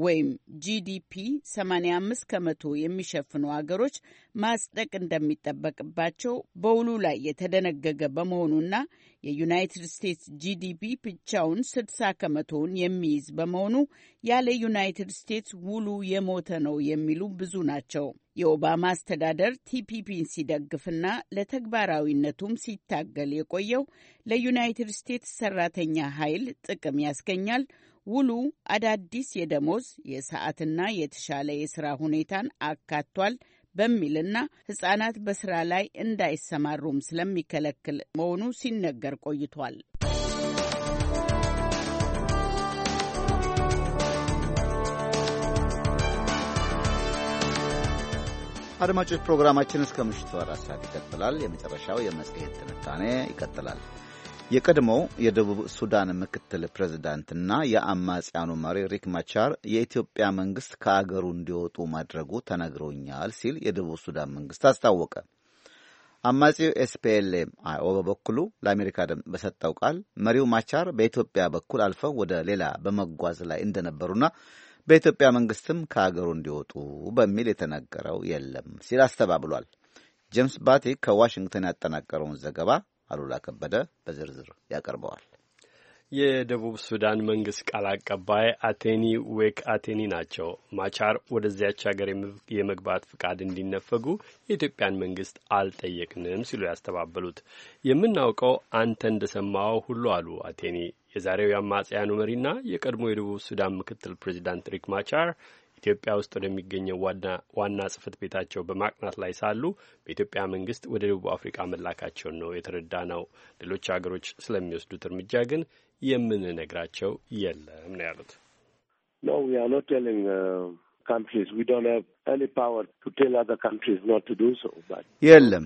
ወይም ጂዲፒ 85 ከመቶ የሚሸፍኑ አገሮች ማጽደቅ እንደሚጠበቅባቸው በውሉ ላይ የተደነገገ በመሆኑና የዩናይትድ ስቴትስ ጂዲፒ ብቻውን 60 ከመቶውን የሚይዝ በመሆኑ ያለ ዩናይትድ ስቴትስ ውሉ የሞተ ነው የሚሉ ብዙ ናቸው። የኦባማ አስተዳደር ቲፒፒን ሲደግፍና ለተግባራዊነቱም ሲታገል የቆየው ለዩናይትድ ስቴትስ ሰራተኛ ኃይል ጥቅም ያስገኛል ውሉ አዳዲስ የደሞዝ የሰዓትና የተሻለ የስራ ሁኔታን አካቷል በሚልና ሕጻናት በስራ ላይ እንዳይሰማሩም ስለሚከለክል መሆኑ ሲነገር ቆይቷል። አድማጮች ፕሮግራማችን እስከ ምሽቱ አራት ሰዓት ይቀጥላል። የመጨረሻው የመጽሔት ትንታኔ ይቀጥላል። የቀድሞው የደቡብ ሱዳን ምክትል ፕሬዝዳንትና የአማጽያኑ መሪ ሪክ ማቻር የኢትዮጵያ መንግስት ከአገሩ እንዲወጡ ማድረጉ ተነግሮኛል ሲል የደቡብ ሱዳን መንግስት አስታወቀ። አማጺው ኤስፒኤልኤም አይኦ በበኩሉ ለአሜሪካ ድምፅ በሰጠው ቃል መሪው ማቻር በኢትዮጵያ በኩል አልፈው ወደ ሌላ በመጓዝ ላይ እንደነበሩና በኢትዮጵያ መንግስትም ከአገሩ እንዲወጡ በሚል የተነገረው የለም ሲል አስተባብሏል። ጄምስ ባቲ ከዋሽንግተን ያጠናቀረውን ዘገባ አሉላ ከበደ በዝርዝር ያቀርበዋል። የደቡብ ሱዳን መንግስት ቃል አቀባይ አቴኒ ዌክ አቴኒ ናቸው። ማቻር ወደዚያች ሀገር የመግባት ፍቃድ እንዲነፈጉ የኢትዮጵያን መንግስት አልጠየቅንም ሲሉ ያስተባበሉት የምናውቀው አንተ እንደሰማው ሁሉ አሉ አቴኒ። የዛሬው የአማጽያኑ መሪና የቀድሞ የደቡብ ሱዳን ምክትል ፕሬዚዳንት ሪክ ማቻር ኢትዮጵያ ውስጥ ወደሚገኘው ዋና ጽህፈት ቤታቸው በማቅናት ላይ ሳሉ በኢትዮጵያ መንግስት ወደ ደቡብ አፍሪካ መላካቸውን ነው የተረዳ ነው። ሌሎች ሀገሮች ስለሚወስዱት እርምጃ ግን የምንነግራቸው የለም ነው ያሉት። ኖ ዊ አር ኖት ቴሊንግ የለም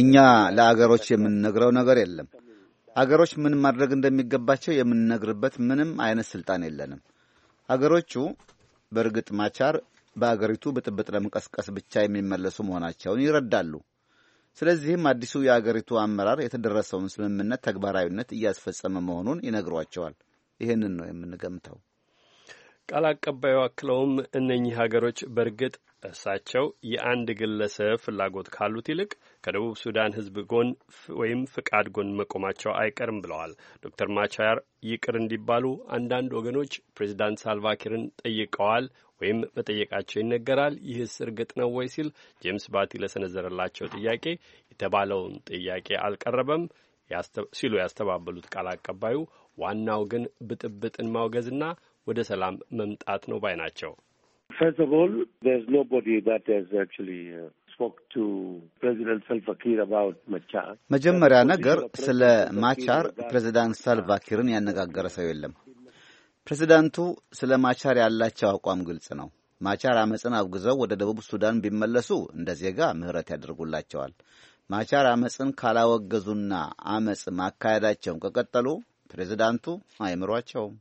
እኛ ለአገሮች የምንነግረው ነገር የለም። አገሮች ምን ማድረግ እንደሚገባቸው የምንነግርበት ምንም አይነት ስልጣን የለንም። አገሮቹ በእርግጥ ማቻር በአገሪቱ ብጥብጥ ለመቀስቀስ ብቻ የሚመለሱ መሆናቸውን ይረዳሉ። ስለዚህም አዲሱ የአገሪቱ አመራር የተደረሰውን ስምምነት ተግባራዊነት እያስፈጸመ መሆኑን ይነግሯቸዋል። ይህንን ነው የምንገምተው። ቃል አቀባዩ አክለውም እነኚህ ሀገሮች በእርግጥ እርሳቸው የአንድ ግለሰብ ፍላጎት ካሉት ይልቅ ከደቡብ ሱዳን ሕዝብ ጎን ወይም ፍቃድ ጎን መቆማቸው አይቀርም ብለዋል። ዶክተር ማቻር ይቅር እንዲባሉ አንዳንድ ወገኖች ፕሬዚዳንት ሳልቫኪርን ጠይቀዋል ወይም መጠየቃቸው ይነገራል። ይህስ እርግጥ ነው ወይ ሲል ጄምስ ባቲ ለሰነዘረላቸው ጥያቄ የተባለውን ጥያቄ አልቀረበም ሲሉ ያስተባበሉት ቃል አቀባዩ ዋናው ግን ብጥብጥን ማውገዝና ወደ ሰላም መምጣት ነው ባይ ናቸው። First of all, there's nobody that has actually uh, መጀመሪያ ነገር ስለ ማቻር ፕሬዚዳንት ሳልቫኪርን ያነጋገረ ሰው የለም። ፕሬዚዳንቱ ስለ ማቻር ያላቸው አቋም ግልጽ ነው። ማቻር አመፅን አውግዘው ወደ ደቡብ ሱዳን ቢመለሱ እንደ ዜጋ ምህረት ያደርጉላቸዋል። ማቻር አመፅን ካላወገዙና አመፅ ማካሄዳቸውን ከቀጠሉ ፕሬዚዳንቱ አይምሯቸውም።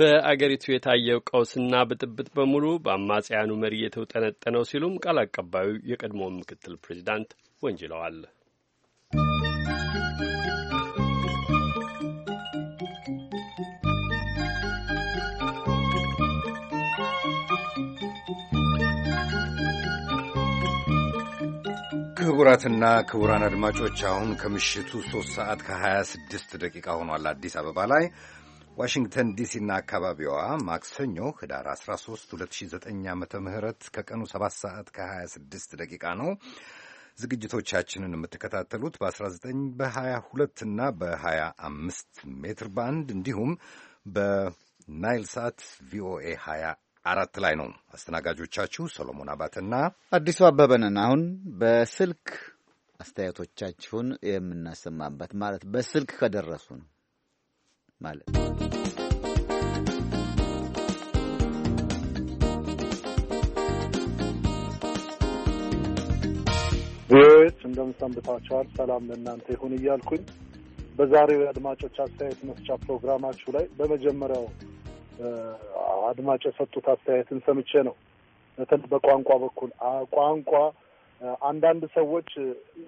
በአገሪቱ የታየው ቀውስና ብጥብጥ በሙሉ በአማጽያኑ መሪ የተውጠነጠነው ሲሉም ቃል አቀባዩ የቀድሞ ምክትል ፕሬዚዳንት ወንጅለዋል። ክቡራትና ክቡራን አድማጮች አሁን ከምሽቱ 3 ሰዓት ከ26 ደቂቃ ሆኗል። አዲስ አበባ ላይ ዋሽንግተን ዲሲና አካባቢዋ ማክሰኞ ህዳር 13 2009 ዓ ም ከቀኑ 7 ሰዓት ከ26 ደቂቃ ነው። ዝግጅቶቻችንን የምትከታተሉት በ19 በ22 እና በ25 ሜትር ባንድ እንዲሁም በናይል ሳት ቪኦኤ 24 ላይ ነው። አስተናጋጆቻችሁ ሰሎሞን አባተና አዲሱ አበበንን አሁን በስልክ አስተያየቶቻችሁን የምናሰማበት ማለት በስልክ ከደረሱን ማለት ነው። ዎች እንደምንሰንብታችኋል። ሰላም ለእናንተ ይሁን እያልኩኝ በዛሬው የአድማጮች አስተያየት መስጫ ፕሮግራማችሁ ላይ በመጀመሪያው አድማጭ የሰጡት አስተያየትን ሰምቼ ነው። በተለይ በቋንቋ በኩል ቋንቋ አንዳንድ ሰዎች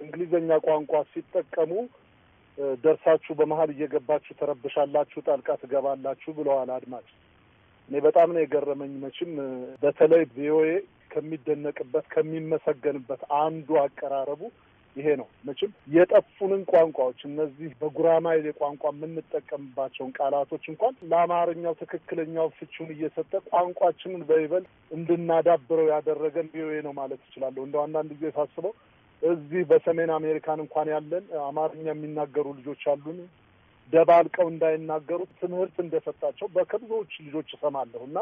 እንግሊዝኛ ቋንቋ ሲጠቀሙ ደርሳችሁ በመሀል እየገባችሁ ተረብሻላችሁ፣ ጣልቃ ትገባላችሁ ብለዋል አድማጭ። እኔ በጣም ነው የገረመኝ። መቼም በተለይ ቪኦኤ ከሚደነቅበት ከሚመሰገንበት አንዱ አቀራረቡ ይሄ ነው። መቼም የጠፉንን ቋንቋዎች እነዚህ በጉራማይሌ ቋንቋ የምንጠቀምባቸውን ቃላቶች እንኳን ለአማርኛው ትክክለኛው ፍቺውን እየሰጠ ቋንቋችንን በይበልጥ እንድናዳብረው ያደረገን ቪኦኤ ነው ማለት እችላለሁ። እንደው አንዳንድ ጊዜ ሳስበው እዚህ በሰሜን አሜሪካን እንኳን ያለን አማርኛ የሚናገሩ ልጆች አሉን። ደባልቀው እንዳይናገሩ ትምህርት እንደሰጣቸው በከብዙዎች ልጆች እሰማለሁ እና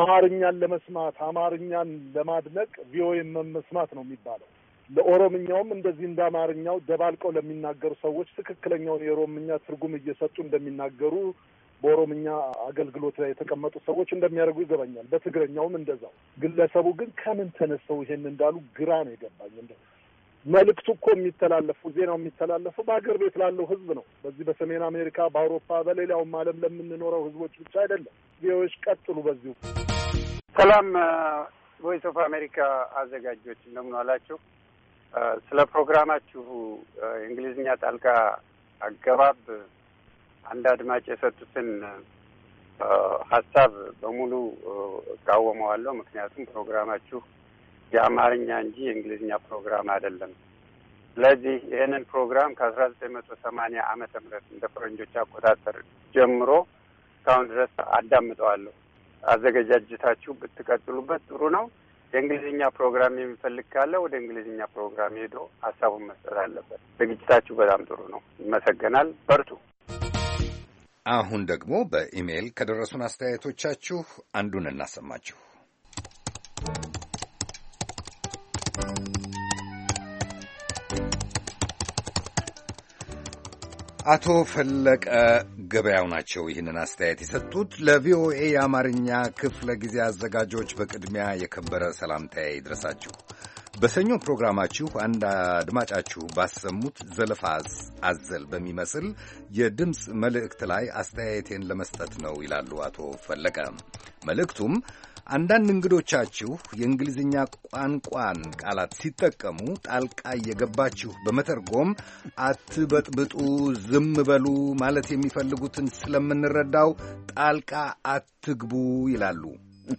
አማርኛን ለመስማት አማርኛን ለማድነቅ ቪኦኤ መስማት ነው የሚባለው። ለኦሮምኛውም እንደዚህ እንደ አማርኛው ደባልቀው ለሚናገሩ ሰዎች ትክክለኛውን የኦሮምኛ ትርጉም እየሰጡ እንደሚናገሩ በኦሮምኛ አገልግሎት ላይ የተቀመጡ ሰዎች እንደሚያደርጉ ይገባኛል። በትግረኛውም እንደዛው። ግለሰቡ ግን ከምን ተነስተው ይሄን እንዳሉ ግራ ነው የገባኝ። እንደ መልእክቱ እኮ የሚተላለፉ ዜናው የሚተላለፉ በሀገር ቤት ላለው ህዝብ ነው። በዚህ በሰሜን አሜሪካ፣ በአውሮፓ፣ በሌላውም ዓለም ለምንኖረው ህዝቦች ብቻ አይደለም። ዜዎች ቀጥሉ። በዚሁ ሰላም። ቮይስ ኦፍ አሜሪካ አዘጋጆች እንደምን አላችሁ? ስለ ፕሮግራማችሁ የእንግሊዝኛ ጣልቃ አገባብ አንድ አድማጭ የሰጡትን ሀሳብ በሙሉ እቃወመዋለሁ። ምክንያቱም ፕሮግራማችሁ የአማርኛ እንጂ የእንግሊዝኛ ፕሮግራም አይደለም። ስለዚህ ይህንን ፕሮግራም ከአስራ ዘጠኝ መቶ ሰማኒያ ዓመተ ምህረት እንደ ፈረንጆች አቆጣጠር ጀምሮ እስካሁን ድረስ አዳምጠዋለሁ። አዘገጃጀታችሁ ብትቀጥሉበት ጥሩ ነው። የእንግሊዝኛ ፕሮግራም የሚፈልግ ካለ ወደ እንግሊዝኛ ፕሮግራም ሄዶ ሀሳቡን መስጠት አለበት። ዝግጅታችሁ በጣም ጥሩ ነው። ይመሰገናል። በርቱ። አሁን ደግሞ በኢሜይል ከደረሱን አስተያየቶቻችሁ አንዱን እናሰማችሁ። አቶ ፈለቀ ገበያው ናቸው ይህንን አስተያየት የሰጡት። ለቪኦኤ የአማርኛ ክፍለ ጊዜ አዘጋጆች በቅድሚያ የከበረ ሰላምታዬ ይድረሳችሁ። በሰኞ ፕሮግራማችሁ አንድ አድማጫችሁ ባሰሙት ዘለፋ አዘል በሚመስል የድምፅ መልእክት ላይ አስተያየቴን ለመስጠት ነው ይላሉ አቶ ፈለቀ። መልእክቱም አንዳንድ እንግዶቻችሁ የእንግሊዝኛ ቋንቋን ቃላት ሲጠቀሙ ጣልቃ እየገባችሁ በመተርጎም አትበጥብጡ፣ ዝም በሉ ማለት የሚፈልጉትን ስለምንረዳው ጣልቃ አትግቡ ይላሉ።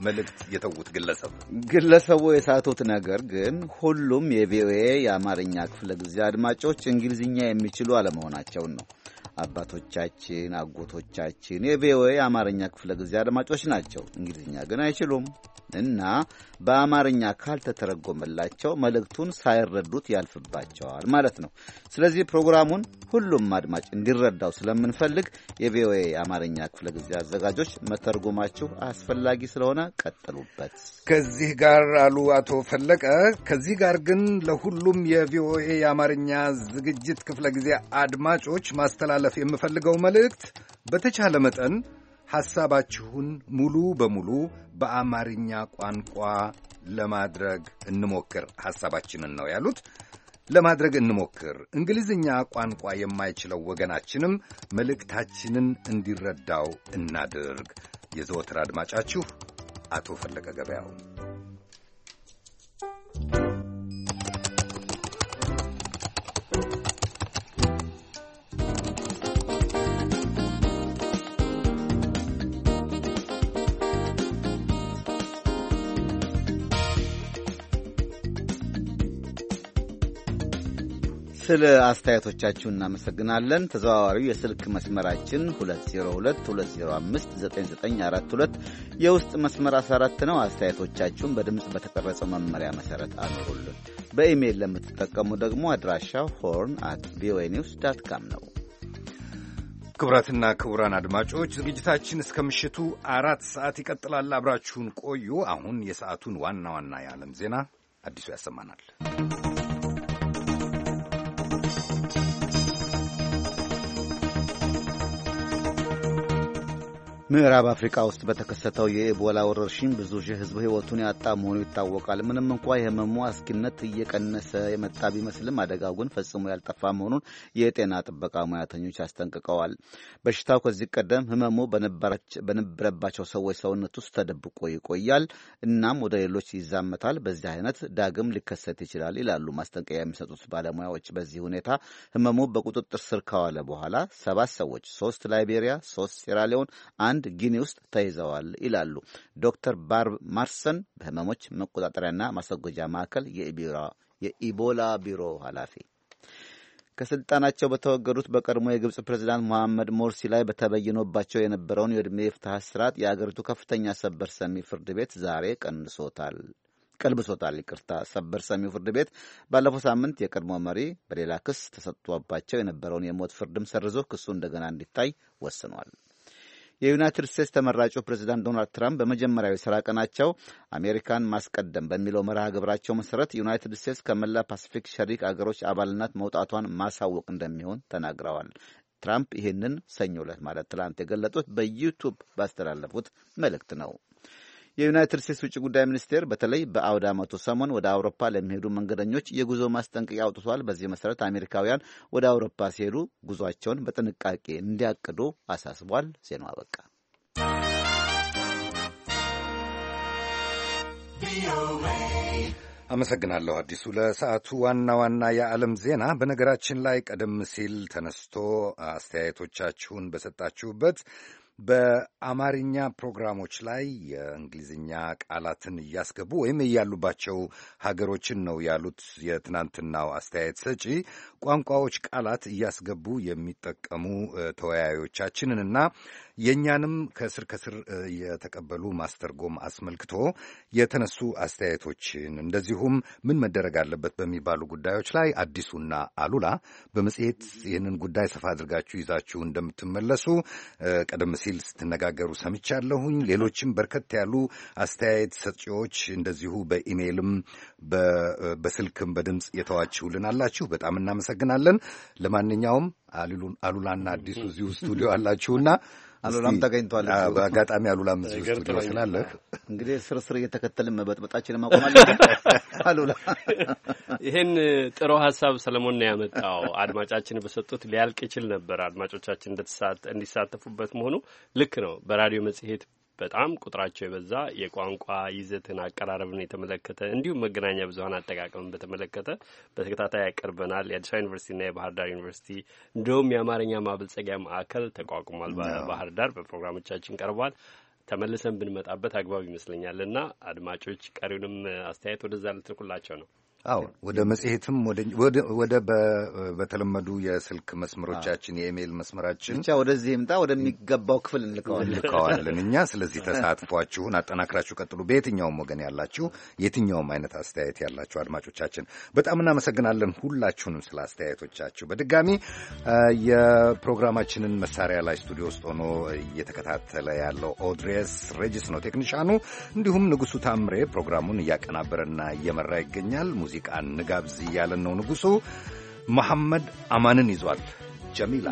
መልእክት የተዉት ግለሰብ ግለሰቡ የሳቱት ነገር ግን ሁሉም የቪኦኤ የአማርኛ ክፍለ ጊዜ አድማጮች እንግሊዝኛ የሚችሉ አለመሆናቸውን ነው። አባቶቻችን፣ አጎቶቻችን የቪኦኤ የአማርኛ ክፍለ ጊዜ አድማጮች ናቸው። እንግሊዝኛ ግን አይችሉም። እና በአማርኛ ካልተተረጎመላቸው መልእክቱን ሳይረዱት ያልፍባቸዋል ማለት ነው። ስለዚህ ፕሮግራሙን ሁሉም አድማጭ እንዲረዳው ስለምንፈልግ የቪኦኤ የአማርኛ ክፍለ ጊዜ አዘጋጆች መተርጎማችሁ አስፈላጊ ስለሆነ ቀጥሉበት። ከዚህ ጋር አሉ አቶ ፈለቀ። ከዚህ ጋር ግን ለሁሉም የቪኦኤ የአማርኛ ዝግጅት ክፍለ ጊዜ አድማጮች ማስተላለፍ የምፈልገው መልእክት በተቻለ መጠን ሐሳባችሁን ሙሉ በሙሉ በአማርኛ ቋንቋ ለማድረግ እንሞክር፣ ሐሳባችንን ነው ያሉት። ለማድረግ እንሞክር። እንግሊዝኛ ቋንቋ የማይችለው ወገናችንም መልእክታችንን እንዲረዳው እናድርግ። የዘወትር አድማጫችሁ አቶ ፈለቀ ገበያው ስለ አስተያየቶቻችሁ እናመሰግናለን። ተዘዋዋሪው የስልክ መስመራችን 2022059942 የውስጥ መስመር 14 ነው። አስተያየቶቻችሁን በድምፅ በተቀረጸው መመሪያ መሰረት አኑሩልን። በኢሜይል ለምትጠቀሙ ደግሞ አድራሻው ሆርን አት ቪኦኤ ኒውስ ዳት ካም ነው። ክቡራትና ክቡራን አድማጮች ዝግጅታችን እስከ ምሽቱ አራት ሰዓት ይቀጥላል። አብራችሁን ቆዩ። አሁን የሰዓቱን ዋና ዋና የዓለም ዜና አዲሱ ያሰማናል። ምዕራብ አፍሪካ ውስጥ በተከሰተው የኢቦላ ወረርሽኝ ብዙ ሺህ ሕዝብ ህይወቱን ያጣ መሆኑ ይታወቃል። ምንም እንኳ የህመሙ አስኪነት እየቀነሰ የመጣ ቢመስልም አደጋው ግን ፈጽሞ ያልጠፋ መሆኑን የጤና ጥበቃ ሙያተኞች አስጠንቅቀዋል። በሽታው ከዚህ ቀደም ህመሙ በነበረባቸው ሰዎች ሰውነት ውስጥ ተደብቆ ይቆያል፣ እናም ወደ ሌሎች ይዛመታል። በዚህ አይነት ዳግም ሊከሰት ይችላል ይላሉ ማስጠንቀቂያ የሚሰጡት ባለሙያዎች። በዚህ ሁኔታ ህመሙ በቁጥጥር ስር ከዋለ በኋላ ሰባት ሰዎች ሶስት ላይቤሪያ፣ ሶስት ሴራሊዮን አንድ ጊኒ ውስጥ ተይዘዋል ይላሉ ዶክተር ባርብ ማርሰን በህመሞች መቆጣጠሪያና ማስወገጃ ማዕከል የኢቦላ ቢሮ ኃላፊ። ከስልጣናቸው በተወገዱት በቀድሞ የግብፅ ፕሬዚዳንት ሞሐመድ ሞርሲ ላይ በተበይኖባቸው የነበረውን የዕድሜ የፍትሕ ስርዓት የአገሪቱ ከፍተኛ ሰበር ሰሚ ፍርድ ቤት ዛሬ ቀንሶታል ቀልብሶታል። ይቅርታ። ሰበር ሰሚው ፍርድ ቤት ባለፈው ሳምንት የቀድሞ መሪ በሌላ ክስ ተሰጥቶባቸው የነበረውን የሞት ፍርድም ሰርዞ ክሱ እንደገና እንዲታይ ወስኗል። የዩናይትድ ስቴትስ ተመራጩ ፕሬዚዳንት ዶናልድ ትራምፕ በመጀመሪያው የሥራ ቀናቸው አሜሪካን ማስቀደም በሚለው መርሃ ግብራቸው መሠረት ዩናይትድ ስቴትስ ከመላ ፓሲፊክ ሸሪክ አገሮች አባልነት መውጣቷን ማሳወቅ እንደሚሆን ተናግረዋል። ትራምፕ ይህንን ሰኞ ዕለት ማለት ትላንት የገለጡት በዩቱብ ባስተላለፉት መልእክት ነው። የዩናይትድ ስቴትስ ውጭ ጉዳይ ሚኒስቴር በተለይ በአውደ ዓመቱ ሰሞን ወደ አውሮፓ ለሚሄዱ መንገደኞች የጉዞ ማስጠንቀቂያ አውጥቷል። በዚህ መሰረት አሜሪካውያን ወደ አውሮፓ ሲሄዱ ጉዟቸውን በጥንቃቄ እንዲያቅዱ አሳስቧል። ዜናው አበቃ። አመሰግናለሁ አዲሱ። ለሰዓቱ ዋና ዋና የዓለም ዜና። በነገራችን ላይ ቀደም ሲል ተነስቶ አስተያየቶቻችሁን በሰጣችሁበት በአማርኛ ፕሮግራሞች ላይ የእንግሊዝኛ ቃላትን እያስገቡ ወይም እያሉባቸው ሀገሮችን ነው ያሉት የትናንትናው አስተያየት ሰጪ ቋንቋዎች ቃላት እያስገቡ የሚጠቀሙ ተወያዮቻችንንና የእኛንም ከስር ከስር የተቀበሉ ማስተርጎም አስመልክቶ የተነሱ አስተያየቶችን እንደዚሁም ምን መደረግ አለበት በሚባሉ ጉዳዮች ላይ አዲሱና አሉላ በመጽሔት ይህንን ጉዳይ ሰፋ አድርጋችሁ ይዛችሁ እንደምትመለሱ ቀደም ሲል ስትነጋገሩ ሰምቻለሁኝ። ሌሎችም በርከት ያሉ አስተያየት ሰጪዎች እንደዚሁ በኢሜይልም በስልክም በድምፅ የተዋችሁልን አላችሁ። በጣም እናመሰግናለን። ለማንኛውም አሉላና አዲሱ እዚሁ ስቱዲዮ አላችሁና አሉላም ተገኝቷል። በአጋጣሚ አሉላም እዚህ ስቱዲዮ ስላለህ እንግዲህ ስርስር እየተከተልን መበጥበጣችን ማቆማለ አሉላ ይህን ጥሩ ሀሳብ ሰለሞን ነው ያመጣው። አድማጫችን በሰጡት ሊያልቅ ይችል ነበር። አድማጮቻችን እንዲሳተፉበት መሆኑ ልክ ነው። በራዲዮ መጽሔት በጣም ቁጥራቸው የበዛ የቋንቋ ይዘትን አቀራረብን የተመለከተ እንዲሁም መገናኛ ብዙኃን አጠቃቀምን በተመለከተ በተከታታይ ያቀርበናል። የአዲስ አበባ ዩኒቨርሲቲና የባህር ዳር ዩኒቨርሲቲ እንዲሁም የአማርኛ ማበልጸጊያ ማዕከል ተቋቁሟል። ባህር ዳር በፕሮግራሞቻችን ቀርቧል። ተመልሰን ብንመጣበት አግባብ ይመስለኛል እና አድማጮች ቀሪውንም አስተያየት ወደዛ ልትልኩላቸው ነው። አዎ ወደ መጽሔትም ወደ በተለመዱ የስልክ መስመሮቻችን የኢሜይል መስመራችን ብቻ ወደዚህ ምጣ ወደሚገባው ክፍል እንልከዋለን እኛ። ስለዚህ ተሳትፏችሁን አጠናክራችሁ ቀጥሉ። በየትኛውም ወገን ያላችሁ የትኛውም አይነት አስተያየት ያላችሁ አድማጮቻችን በጣም እናመሰግናለን፣ ሁላችሁንም ስለ አስተያየቶቻችሁ። በድጋሚ የፕሮግራማችንን መሳሪያ ላይ ስቱዲዮ ውስጥ ሆኖ እየተከታተለ ያለው ኦድሬስ ሬጅስ ነው ቴክኒሻኑ። እንዲሁም ንጉሱ ታምሬ ፕሮግራሙን እያቀናበረና እየመራ ይገኛል። ሙዚቃ እንጋብዝ እያለን ነው ንጉሡ። መሐመድ አማንን ይዟል። ጀሚላ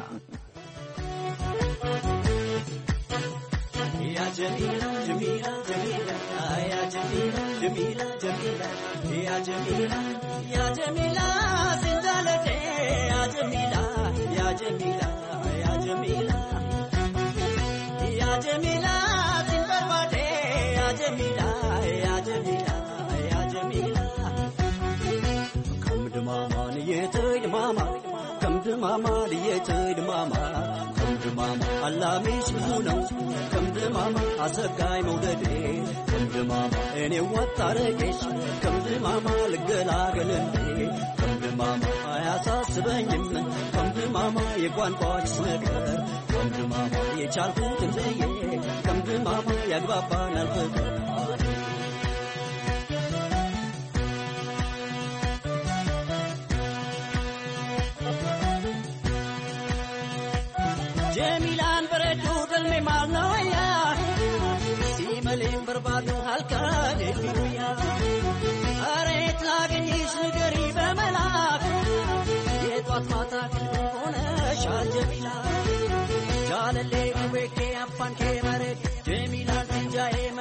Ya Jamila mama liyetin mama kamd mama allamesh muno kamd mama asagay mawdade kamd mama ene wattarekesh kamd mama lgelagelende kamd mama አያሳስበኝም ከምድ ማማ የቋንቋችስ ነገር ከምድ ማማ የቻልኩትን ብዬ ከምድ ማማ ያግባባናል ፍቅር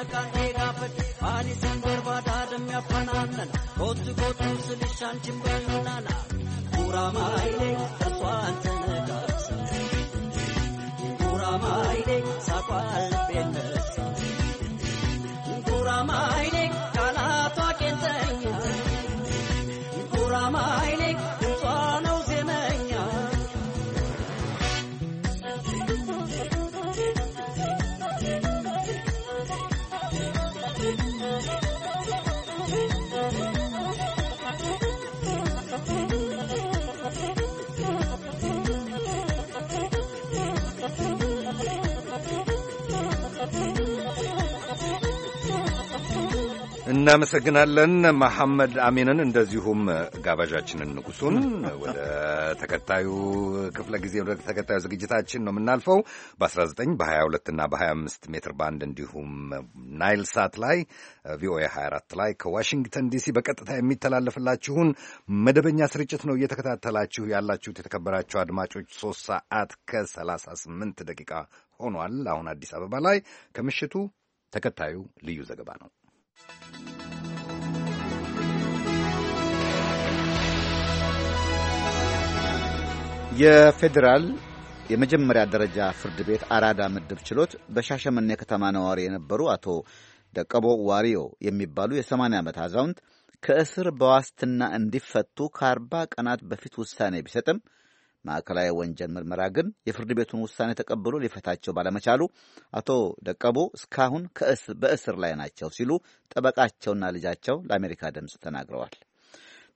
ነቃንዴ ጋፈድ አኒስን በርባዳ ደሚያፈናነን ኮት ኮቱ ስልሻንችን በዩናና ጉራማይሌ ተሷንተነቃስ ጉራማይሌ ሳቋልቤነ እናመሰግናለን መሐመድ አሚንን፣ እንደዚሁም ጋባዣችንን ንጉሱን። ወደ ተከታዩ ክፍለ ጊዜ ወደ ተከታዩ ዝግጅታችን ነው የምናልፈው። በ19 በ22 እና በ25 ሜትር ባንድ እንዲሁም ናይል ሳት ላይ ቪኦኤ 24 ላይ ከዋሽንግተን ዲሲ በቀጥታ የሚተላለፍላችሁን መደበኛ ስርጭት ነው እየተከታተላችሁ ያላችሁት። የተከበራችሁ አድማጮች 3 ሰዓት ከ38 ደቂቃ ሆኗል። አሁን አዲስ አበባ ላይ ከምሽቱ ተከታዩ ልዩ ዘገባ ነው። የፌዴራል የመጀመሪያ ደረጃ ፍርድ ቤት አራዳ ምድብ ችሎት በሻሸመኔ ከተማ ነዋሪ የነበሩ አቶ ደቀቦ ዋሪዮ የሚባሉ የ80 ዓመት አዛውንት ከእስር በዋስትና እንዲፈቱ ከአርባ ቀናት በፊት ውሳኔ ቢሰጥም ማዕከላዊ ወንጀል ምርመራ ግን የፍርድ ቤቱን ውሳኔ ተቀብሎ ሊፈታቸው ባለመቻሉ አቶ ደቀቦ እስካሁን በእስር ላይ ናቸው ሲሉ ጠበቃቸውና ልጃቸው ለአሜሪካ ድምፅ ተናግረዋል።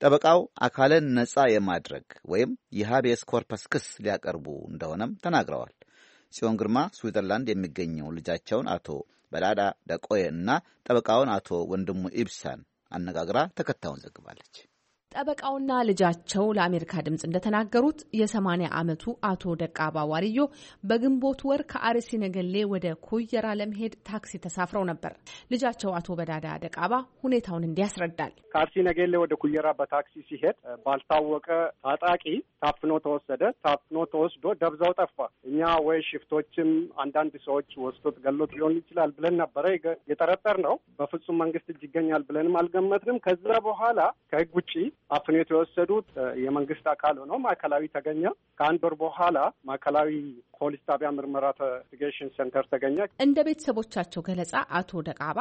ጠበቃው አካልን ነፃ የማድረግ ወይም የሃቤስ ኮርፐስ ክስ ሊያቀርቡ እንደሆነም ተናግረዋል። ጽዮን ግርማ ስዊዘርላንድ የሚገኘው ልጃቸውን አቶ በዳዳ ደቆየ እና ጠበቃውን አቶ ወንድሙ ኢብሳን አነጋግራ ተከታዩን ዘግባለች። ጠበቃውና ልጃቸው ለአሜሪካ ድምፅ እንደተናገሩት የ80 ዓመቱ አቶ ደቃባ ዋርዮ በግንቦት ወር ከአርሲ ነገሌ ወደ ኩየራ ለመሄድ ታክሲ ተሳፍረው ነበር። ልጃቸው አቶ በዳዳ ደቃባ ሁኔታውን እንዲህ ያስረዳል። ከአርሲ ነገሌ ወደ ኩየራ በታክሲ ሲሄድ ባልታወቀ ታጣቂ ታፍኖ ተወሰደ። ታፍኖ ተወስዶ ደብዛው ጠፋ። እኛ ወይ ሽፍቶችም አንዳንድ ሰዎች ወስዶት ገሎት ሊሆን ይችላል ብለን ነበረ የጠረጠር ነው። በፍጹም መንግስት እጅ ይገኛል ብለንም አልገመትንም። ከዛ በኋላ ከህግ ውጭ አፍኔት የወሰዱት የመንግስት አካል ሆኖ ማዕከላዊ ተገኘ። ከአንድ ወር በኋላ ማዕከላዊ ፖሊስ ጣቢያ ምርመራ ኢንቨስቲጌሽን ሴንተር ተገኘ። እንደ ቤተሰቦቻቸው ገለጻ አቶ ደቃባ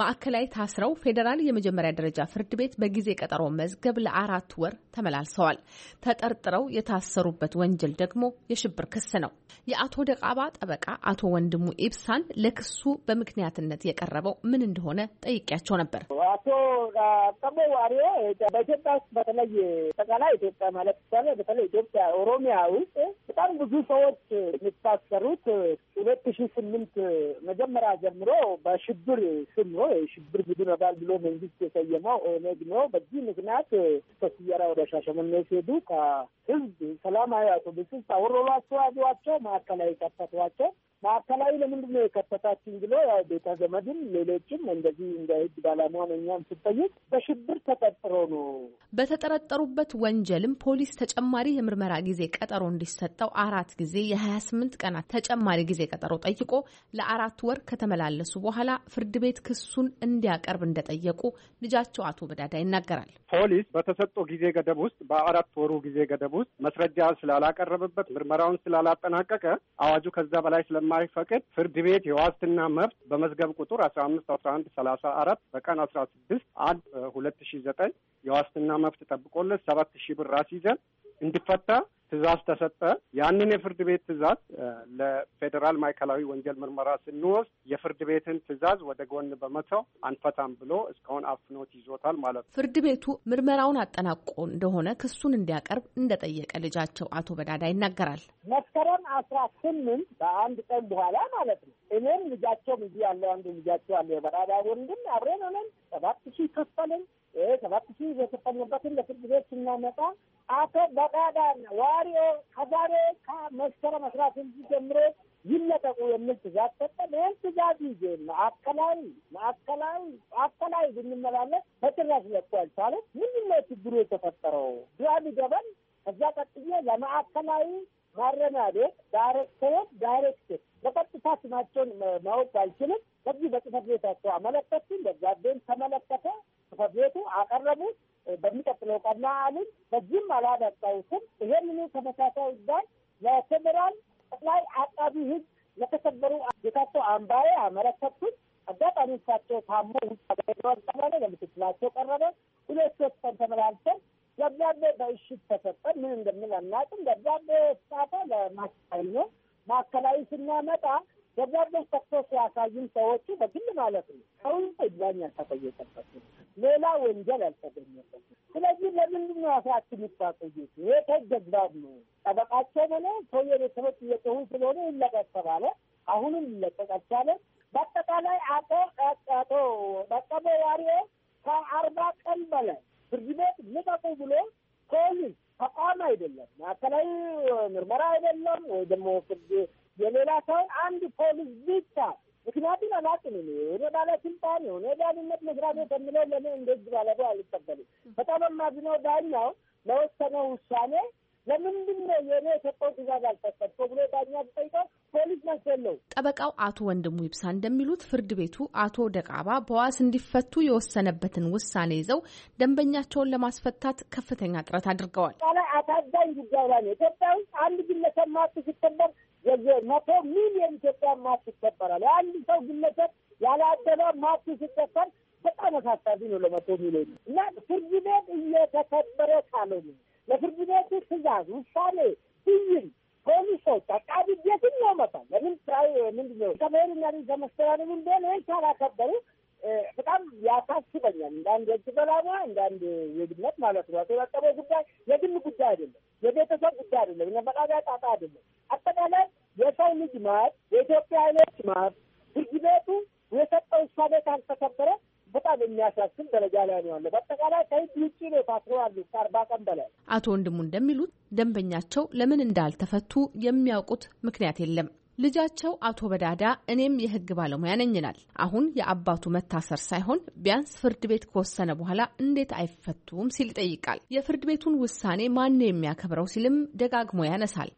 ማዕከላዊ ታስረው ፌዴራል የመጀመሪያ ደረጃ ፍርድ ቤት በጊዜ ቀጠሮ መዝገብ ለአራት ወር ተመላልሰዋል። ተጠርጥረው የታሰሩበት ወንጀል ደግሞ የሽብር ክስ ነው። የአቶ ደቃባ ጠበቃ አቶ ወንድሙ ኢብሳን ለክሱ በምክንያትነት የቀረበው ምን እንደሆነ ጠይቄያቸው ነበር። አቶ ቀቦ ዋሪ በኢትዮጵያ በተለይ ጠቃላይ ኢትዮጵያ ማለት ይቻላል በተለይ ኢትዮጵያ ኦሮሚያ ውስጥ በጣም ብዙ ሰዎች የሚታሰሩት ሁለት ሺ ስምንት መጀመሪያ ጀምሮ በሽብር ስም ነው። የሽብር ቡድን አባል ብሎ መንግስት የሰየመው ኦነግ ነው። በዚህ ምክንያት ከሲያራ ወደ ሻሸመኔ ሲሄዱ ከህዝብ ሰላማዊ አውቶቡስ አውርደዋቸው አዟቸው ማዕከላዊ ከተቷቸው ማዕከላዊ ለምንድን ነው የከተታችን ብሎ ያው ቤተ ዘመድም ሌሎችም እንደዚህ እንደ ህግ ባለሙያ እኛም ስጠይቅ በሽብር ተጠርጥሮ ነው። በተጠረጠሩበት ወንጀልም ፖሊስ ተጨማሪ የምርመራ ጊዜ ቀጠሮ እንዲሰጠው አራት ጊዜ የሀያ ስምንት ቀናት ተጨማሪ ጊዜ ቀጠሮ ጠይቆ ለአራት ወር ከተመላለሱ በኋላ ፍርድ ቤት ክሱን እንዲያቀርብ እንደጠየቁ ልጃቸው አቶ በዳዳ ይናገራል። ፖሊስ በተሰጠው ጊዜ ገደብ ውስጥ በአራት ወሩ ጊዜ ገደብ ውስጥ መስረጃ ስላላቀረበበት ምርመራውን ስላላጠናቀቀ አዋጁ ከዛ በላይ ስለ ስለማይፈቅድ ፍርድ ቤት የዋስትና መብት በመዝገብ ቁጥር አስራ አምስት አስራ አንድ ሰላሳ አራት በቀን አስራ ስድስት አንድ ሁለት ሺ ዘጠኝ የዋስትና መብት ጠብቆለት ሰባት ሺ ብር አስይዘን እንዲፈታ ትእዛዝ ተሰጠ። ያንን የፍርድ ቤት ትእዛዝ ለፌዴራል ማዕከላዊ ወንጀል ምርመራ ስንወስድ የፍርድ ቤትን ትእዛዝ ወደ ጎን በመተው አንፈታም ብሎ እስካሁን አፍኖት ይዞታል ማለት ነው። ፍርድ ቤቱ ምርመራውን አጠናቆ እንደሆነ ክሱን እንዲያቀርብ እንደጠየቀ ልጃቸው አቶ በዳዳ ይናገራል። መስከረም አስራ ስምንት በአንድ ቀን በኋላ ማለት ነው። እኔም ልጃቸውም እዚህ ያለው አንዱ ልጃቸው አለ የበዳዳ ወንድም አብረን ሆነን ሰባት ሺህ ከፈልን። ሰባት ሺህ የተፈለበትን ለፍርድ ቤት ስናመጣ አቶ በቃዳና ዋሪዮ ከዛሬ ከመስከረም መስራት እንጂ ጀምሮ ይለቀቁ የሚል ትዛዝ ሰጠ። ይህን ትእዛዝ ይዜን ማዕከላዊ ማዕከላዊ ማዕከላዊ ብንመላለስ በጭራሽ ለቆ አልቻለም። ነው ችግሩ የተፈጠረው? ግራ ገበል ከዛ ቀጥዬ ለማዕከላዊ ማረሚያ ቤት ዳይሬክተሮች ዳይሬክተር በቀጥታ ስማቸውን ማወቅ አልችልም። በዚህ በጽፈት ቤታቸው አመለከትን፣ ደብዳቤን ተመለከተ። ጽፈት ቤቱ አቀረቡት። በሚቀጥለው ቀና አሉን። በዚህም አላዳጣውትም። ይህንኑ ተመሳሳይ ጉዳይ ለፌዴራል ጠቅላይ አቃቢ ህግ ለተሰበሩ ጌታቸው አምባዬ አመለከቱን። አጋጣሚ እሳቸው ታሞ ቀረበ፣ ለምክትላቸው ቀረበ። ሁለት ሶስት ቀን ተመላልሰን ደብዳቤ በእሽት ተሰጠን። ምን እንደምል አናውቅም። ደብዳቤ ስጣፈ ለማዕከላዊ ነው። ማዕከላዊ ስናመጣ ደብዳቤ ጠቅሶ ሲያሳይም ሰዎቹ በግል ማለት ነው ሰውም ይግባኝ አልተጠየቀበትም፣ ሌላ ወንጀል አልተገኘበትም። ስለዚህ ለምንድን ነው አስራችን ይታቆዩት? ይሄ ተገባብ ነው። ጠበቃቸው ሆነ ሰው የቤተሰቦች እየጮሁ ስለሆነ ይለቀቅ ተባለ። አሁንም ሊለቀቅ አልቻለም። በአጠቃላይ አቶ አቶ በቀበ ዋሪዮ ከአርባ ቀን በላይ ፍርድ ቤት ልቀቁ ብሎ ፖሊስ ተቋም አይደለም ማዕከላዊ ምርመራ አይደለም ወይ ደግሞ ፍርድ የሌላ ሰውን አንድ ፖሊስ ብቻ ምክንያቱም አላውቅም እኔ እኔ ባለስልጣን የሆነ ዳንነት ዳኝነት መስሪያ ቤት የምለው ለምን እንደዚህ ባለበ አልቀበልም። በጣም የማዝነው ዳኛው ለወሰነው ውሳኔ ለምንድን ነው የእኔ የሰጠው ትእዛዝ አልፈቀድከው ብሎ ዳኛ ተጠይቀው ፖሊስ መስለው። ጠበቃው አቶ ወንድሙ ይብሳ እንደሚሉት ፍርድ ቤቱ አቶ ደቃባ በዋስ እንዲፈቱ የወሰነበትን ውሳኔ ይዘው ደንበኛቸውን ለማስፈታት ከፍተኛ ጥረት አድርገዋል። ላይ አሳዛኝ ጉዳይ ላይ ነው። ኢትዮጵያ ውስጥ አንድ ግለሰብ መብት ሲከበር የዚህ መቶ ሚሊዮን ኢትዮጵያ ማቱ ይከበራል። የአንድ ሰው ግለሰብ ያለ አደባብ ማቱ ሲከበር በጣም አሳሳቢ ነው ለመቶ ሚሊዮን እና ፍርድ ቤት እየተከበረ ካልሆነ ለፍርድ ቤቱ ትእዛዝ፣ ውሳኔ፣ ብይን ፖሊሶች አቃቢ ቤትም ነው መጣል ለምን ምንድነው ከመሄድና ከመስተዳደሩ እንደሆነ ይህ ካላከበሩ በጣም ያሳስበኛል። እንዳንድ የእጅ በላባ እንዳንድ አንድ የግነት ማለት ነው። አቶ ጉዳይ የግን ጉዳይ አይደለም፣ የቤተሰብ ጉዳይ አይደለም፣ የመጣቢያ ጣጣ አይደለም። አጠቃላይ የሰው ልጅ ማት የኢትዮጵያ ኃይሎች ማት ፍርድ ቤቱ የሰጠው ውሳኔ ካልተከበረ በጣም የሚያሳስብ ደረጃ ላይ ነው ያለው። በአጠቃላይ ከህግ ውጭ ነው ታስሮ ያሉ ከአርባ ቀን በላይ። አቶ ወንድሙ እንደሚሉት ደንበኛቸው ለምን እንዳልተፈቱ የሚያውቁት ምክንያት የለም። ልጃቸው አቶ በዳዳ እኔም የህግ ባለሙያ ነኝ ይላል። አሁን የአባቱ መታሰር ሳይሆን ቢያንስ ፍርድ ቤት ከወሰነ በኋላ እንዴት አይፈቱም ሲል ይጠይቃል። የፍርድ ቤቱን ውሳኔ ማን የሚያከብረው ሲልም ደጋግሞ ያነሳል።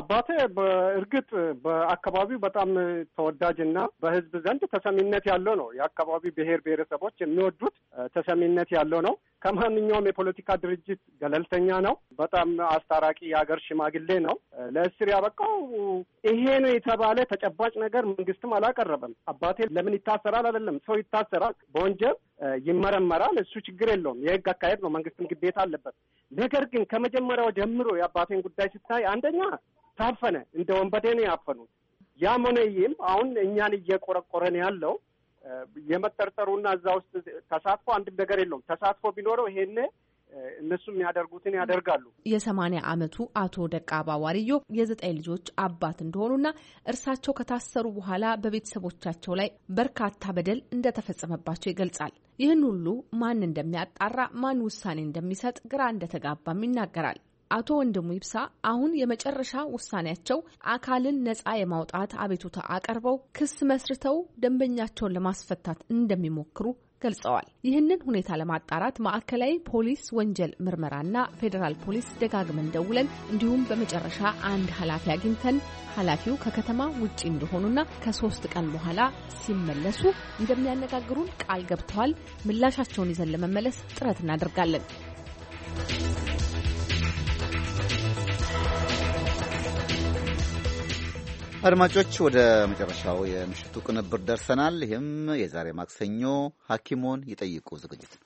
አባቴ በእርግጥ በአካባቢው በጣም ተወዳጅና በህዝብ ዘንድ ተሰሚነት ያለው ነው። የአካባቢው ብሔር ብሔረሰቦች የሚወዱት ተሰሚነት ያለው ነው። ከማንኛውም የፖለቲካ ድርጅት ገለልተኛ ነው። በጣም አስታራቂ የሀገር ሽማግሌ ነው። ለእስር ያበቃው ይሄ ነው የተባለ ተጨባጭ ነገር መንግስትም አላቀረበም። አባቴ ለምን ይታሰራል አይደለም። ሰው ይታሰራል፣ በወንጀል ይመረመራል። እሱ ችግር የለውም። የህግ አካሄድ ነው። መንግስትም ግዴታ አለበት። ነገር ግን ከመጀመሪያው ጀምሮ የአባቴን ጉዳይ ስታይ አንደኛ ታፈነ፣ እንደ ወንበዴ ነው ያፈኑት። ያም ሆነ ይህም አሁን እኛን እየቆረቆረን ያለው የመጠርጠሩና እዛ ውስጥ ተሳትፎ አንድም ነገር የለውም። ተሳትፎ ቢኖረው ይሄን እነሱ የሚያደርጉትን ያደርጋሉ። የሰማኒያ አመቱ አቶ ደቃባ ዋርዮ የዘጠኝ ልጆች አባት እንደሆኑና እርሳቸው ከታሰሩ በኋላ በቤተሰቦቻቸው ላይ በርካታ በደል እንደተፈጸመባቸው ይገልጻል። ይህን ሁሉ ማን እንደሚያጣራ ማን ውሳኔ እንደሚሰጥ ግራ እንደተጋባም ይናገራል። አቶ ወንድሙ ይብሳ አሁን የመጨረሻ ውሳኔያቸው አካልን ነጻ የማውጣት አቤቱታ አቀርበው ክስ መስርተው ደንበኛቸውን ለማስፈታት እንደሚሞክሩ ገልጸዋል። ይህንን ሁኔታ ለማጣራት ማዕከላዊ ፖሊስ ወንጀል ምርመራና ፌዴራል ፖሊስ ደጋግመን ደውለን እንዲሁም በመጨረሻ አንድ ኃላፊ አግኝተን ኃላፊው ከከተማ ውጪ እንደሆኑና ከሶስት ቀን በኋላ ሲመለሱ እንደሚያነጋግሩን ቃል ገብተዋል። ምላሻቸውን ይዘን ለመመለስ ጥረት እናደርጋለን። አድማጮች ወደ መጨረሻው የምሽቱ ቅንብር ደርሰናል። ይህም የዛሬ ማክሰኞ ሐኪሞን ይጠይቁ ዝግጅት ነው።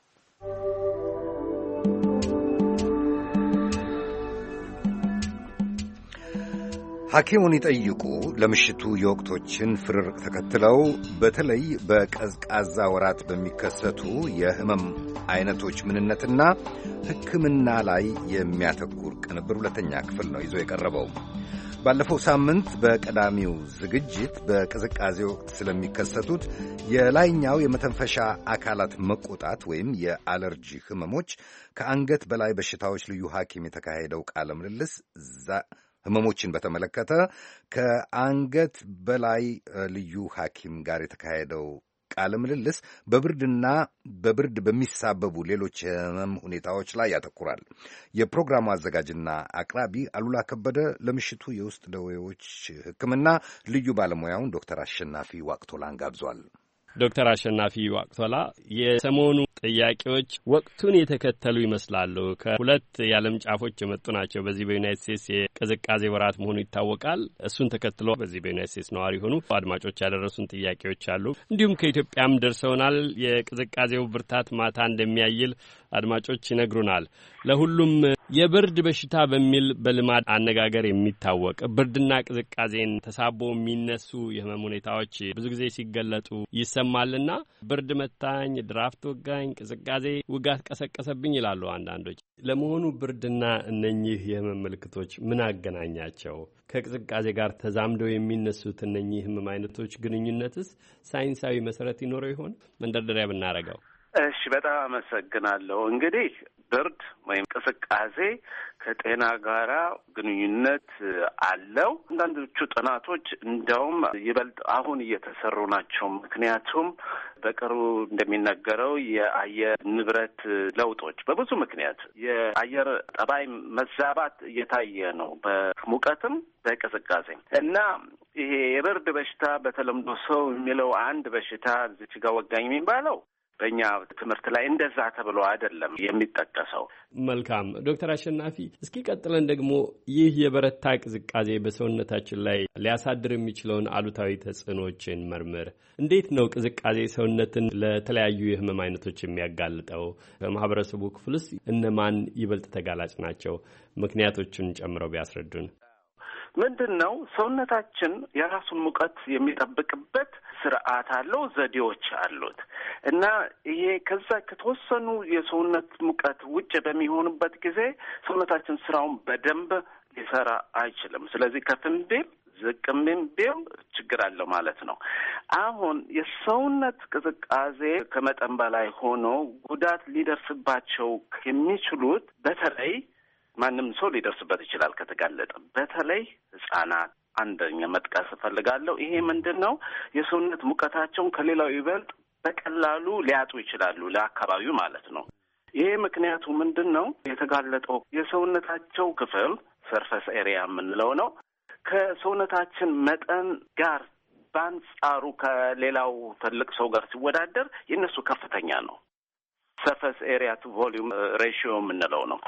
ሐኪሙን ይጠይቁ ለምሽቱ የወቅቶችን ፍርርቅ ተከትለው በተለይ በቀዝቃዛ ወራት በሚከሰቱ የህመም አይነቶች ምንነትና ሕክምና ላይ የሚያተኩር ቅንብር ሁለተኛ ክፍል ነው ይዞ የቀረበው። ባለፈው ሳምንት በቀዳሚው ዝግጅት በቅዝቃዜ ወቅት ስለሚከሰቱት የላይኛው የመተንፈሻ አካላት መቆጣት ወይም የአለርጂ ህመሞች ከአንገት በላይ በሽታዎች ልዩ ሐኪም የተካሄደው ቃለ ምልልስ ህመሞችን በተመለከተ ከአንገት በላይ ልዩ ሐኪም ጋር የተካሄደው ቃለ ምልልስ በብርድና በብርድ በሚሳበቡ ሌሎች የህመም ሁኔታዎች ላይ ያተኩራል። የፕሮግራሙ አዘጋጅና አቅራቢ አሉላ ከበደ ለምሽቱ የውስጥ ደዌዎች ሕክምና ልዩ ባለሙያውን ዶክተር አሸናፊ ዋቅቶላን ጋብዟል። ዶክተር አሸናፊ ዋቅቶላ የሰሞኑ ጥያቄዎች ወቅቱን የተከተሉ ይመስላሉ። ከሁለት የዓለም ጫፎች የመጡ ናቸው። በዚህ በዩናይት ስቴትስ የቅዝቃዜ ወራት መሆኑ ይታወቃል። እሱን ተከትሎ በዚህ በዩናይት ስቴትስ ነዋሪ የሆኑ አድማጮች ያደረሱን ጥያቄዎች አሉ። እንዲሁም ከኢትዮጵያም ደርሰውናል። የቅዝቃዜው ብርታት ማታ እንደሚያይል አድማጮች ይነግሩናል። ለሁሉም የብርድ በሽታ በሚል በልማድ አነጋገር የሚታወቅ ብርድና ቅዝቃዜን ተሳቦ የሚነሱ የህመም ሁኔታዎች ብዙ ጊዜ ሲገለጡ ይሰማልና ብርድ መታኝ፣ ድራፍት ወጋኝ፣ ቅዝቃዜ ውጋት ቀሰቀሰብኝ ይላሉ አንዳንዶች። ለመሆኑ ብርድና እነኚህ የህመም ምልክቶች ምን አገናኛቸው? ከቅዝቃዜ ጋር ተዛምደው የሚነሱት እነኚህ ህመም አይነቶች ግንኙነትስ ሳይንሳዊ መሰረት ይኖረው ይሆን? መንደርደሪያ ብናረገው እሺ፣ በጣም አመሰግናለሁ። እንግዲህ ብርድ ወይም ቅዝቃዜ ከጤና ጋራ ግንኙነት አለው። አንዳንዶቹ ጥናቶች እንደውም ይበልጥ አሁን እየተሰሩ ናቸው። ምክንያቱም በቅርቡ እንደሚነገረው የአየር ንብረት ለውጦች በብዙ ምክንያት የአየር ጠባይ መዛባት እየታየ ነው፣ በሙቀትም በቅዝቃዜም እና ይሄ የብርድ በሽታ በተለምዶ ሰው የሚለው አንድ በሽታ ዝችጋ ወጋኝ የሚባለው በእኛ ትምህርት ላይ እንደዛ ተብሎ አይደለም የሚጠቀሰው። መልካም ዶክተር አሸናፊ እስኪ ቀጥለን ደግሞ ይህ የበረታ ቅዝቃዜ በሰውነታችን ላይ ሊያሳድር የሚችለውን አሉታዊ ተጽዕኖችን መርምር። እንዴት ነው ቅዝቃዜ ሰውነትን ለተለያዩ የህመም አይነቶች የሚያጋልጠው? በማህበረሰቡ ክፍልስ እነማን ይበልጥ ተጋላጭ ናቸው? ምክንያቶቹን ጨምረው ቢያስረዱን። ምንድን ነው ሰውነታችን የራሱን ሙቀት የሚጠብቅበት ስርዓት አለው፣ ዘዴዎች አሉት እና ይሄ ከዛ ከተወሰኑ የሰውነት ሙቀት ውጭ በሚሆንበት ጊዜ ሰውነታችን ስራውን በደንብ ሊሰራ አይችልም። ስለዚህ ከፍም ቢል ዝቅም ቢል ችግር አለው ማለት ነው። አሁን የሰውነት ቅዝቃዜ ከመጠን በላይ ሆኖ ጉዳት ሊደርስባቸው የሚችሉት በተለይ ማንም ሰው ሊደርስበት ይችላል ከተጋለጠ። በተለይ ህጻናት አንደኛ መጥቀስ እፈልጋለሁ። ይሄ ምንድን ነው? የሰውነት ሙቀታቸውን ከሌላው ይበልጥ በቀላሉ ሊያጡ ይችላሉ፣ ለአካባቢው ማለት ነው። ይሄ ምክንያቱ ምንድን ነው? የተጋለጠው የሰውነታቸው ክፍል ሰርፈስ ኤሪያ የምንለው ነው ከሰውነታችን መጠን ጋር በአንጻሩ ከሌላው ትልቅ ሰው ጋር ሲወዳደር የእነሱ ከፍተኛ ነው። ሰርፈስ ኤሪያ ቱ ቮሊዩም ሬሽዮ የምንለው ነው።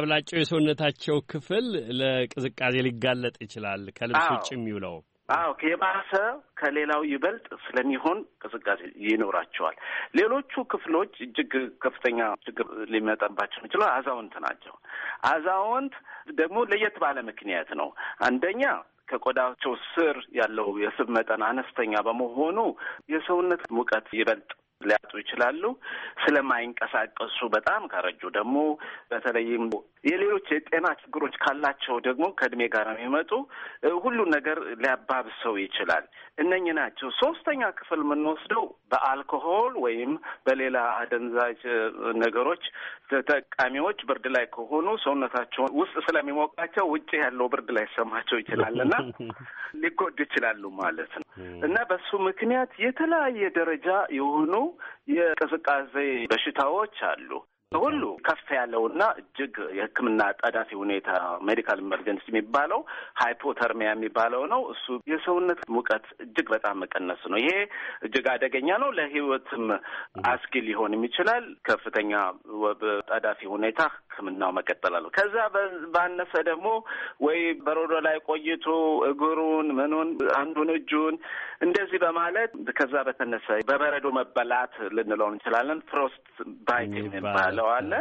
አብላጫው የሰውነታቸው ክፍል ለቅዝቃዜ ሊጋለጥ ይችላል ከልብስ ውጭ የሚውለው አዎ የባሰ ከሌላው ይበልጥ ስለሚሆን ቅዝቃዜ ይኖራቸዋል። ሌሎቹ ክፍሎች እጅግ ከፍተኛ ችግር ሊመጣባቸው የሚችለው አዛውንት ናቸው። አዛውንት ደግሞ ለየት ባለ ምክንያት ነው። አንደኛ ከቆዳቸው ስር ያለው የስብ መጠን አነስተኛ በመሆኑ የሰውነት ሙቀት ይበልጥ ሊያጡ ይችላሉ። ስለማይንቀሳቀሱ በጣም ካረጁ ደግሞ በተለይም የሌሎች የጤና ችግሮች ካላቸው ደግሞ ከእድሜ ጋር የሚመጡ ሁሉን ነገር ሊያባብሰው ይችላል። እነኚህ ናቸው። ሶስተኛ ክፍል የምንወስደው በአልኮሆል ወይም በሌላ አደንዛዥ ነገሮች ተጠቃሚዎች ብርድ ላይ ከሆኑ ሰውነታቸውን ውስጥ ስለሚሞቃቸው ውጭ ያለው ብርድ ላይ ሰማቸው ይችላል እና ሊጎዱ ይችላሉ ማለት ነው እና በሱ ምክንያት የተለያየ ደረጃ የሆኑ የቅዝቃዜ በሽታዎች አሉ። ሁሉ ከፍ ያለውና እጅግ የሕክምና ጠዳፊ ሁኔታ ሜዲካል ኢመርጀንሲ የሚባለው ሃይፖተርሚያ የሚባለው ነው። እሱ የሰውነት ሙቀት እጅግ በጣም መቀነስ ነው። ይሄ እጅግ አደገኛ ነው። ለህይወትም አስጊ ሊሆንም ይችላል። ከፍተኛ ጠዳፊ ሁኔታ ሕክምናው መቀጠል አለው። ከዛ ባነሰ ደግሞ ወይ በሮዶ ላይ ቆይቶ እግሩን ምኑን አንዱን እጁን እንደዚህ በማለት ከዛ በተነሳ በበረዶ መበላት ልንለው እንችላለን። ፍሮስት ባይት የሚባል የምንለው አለ።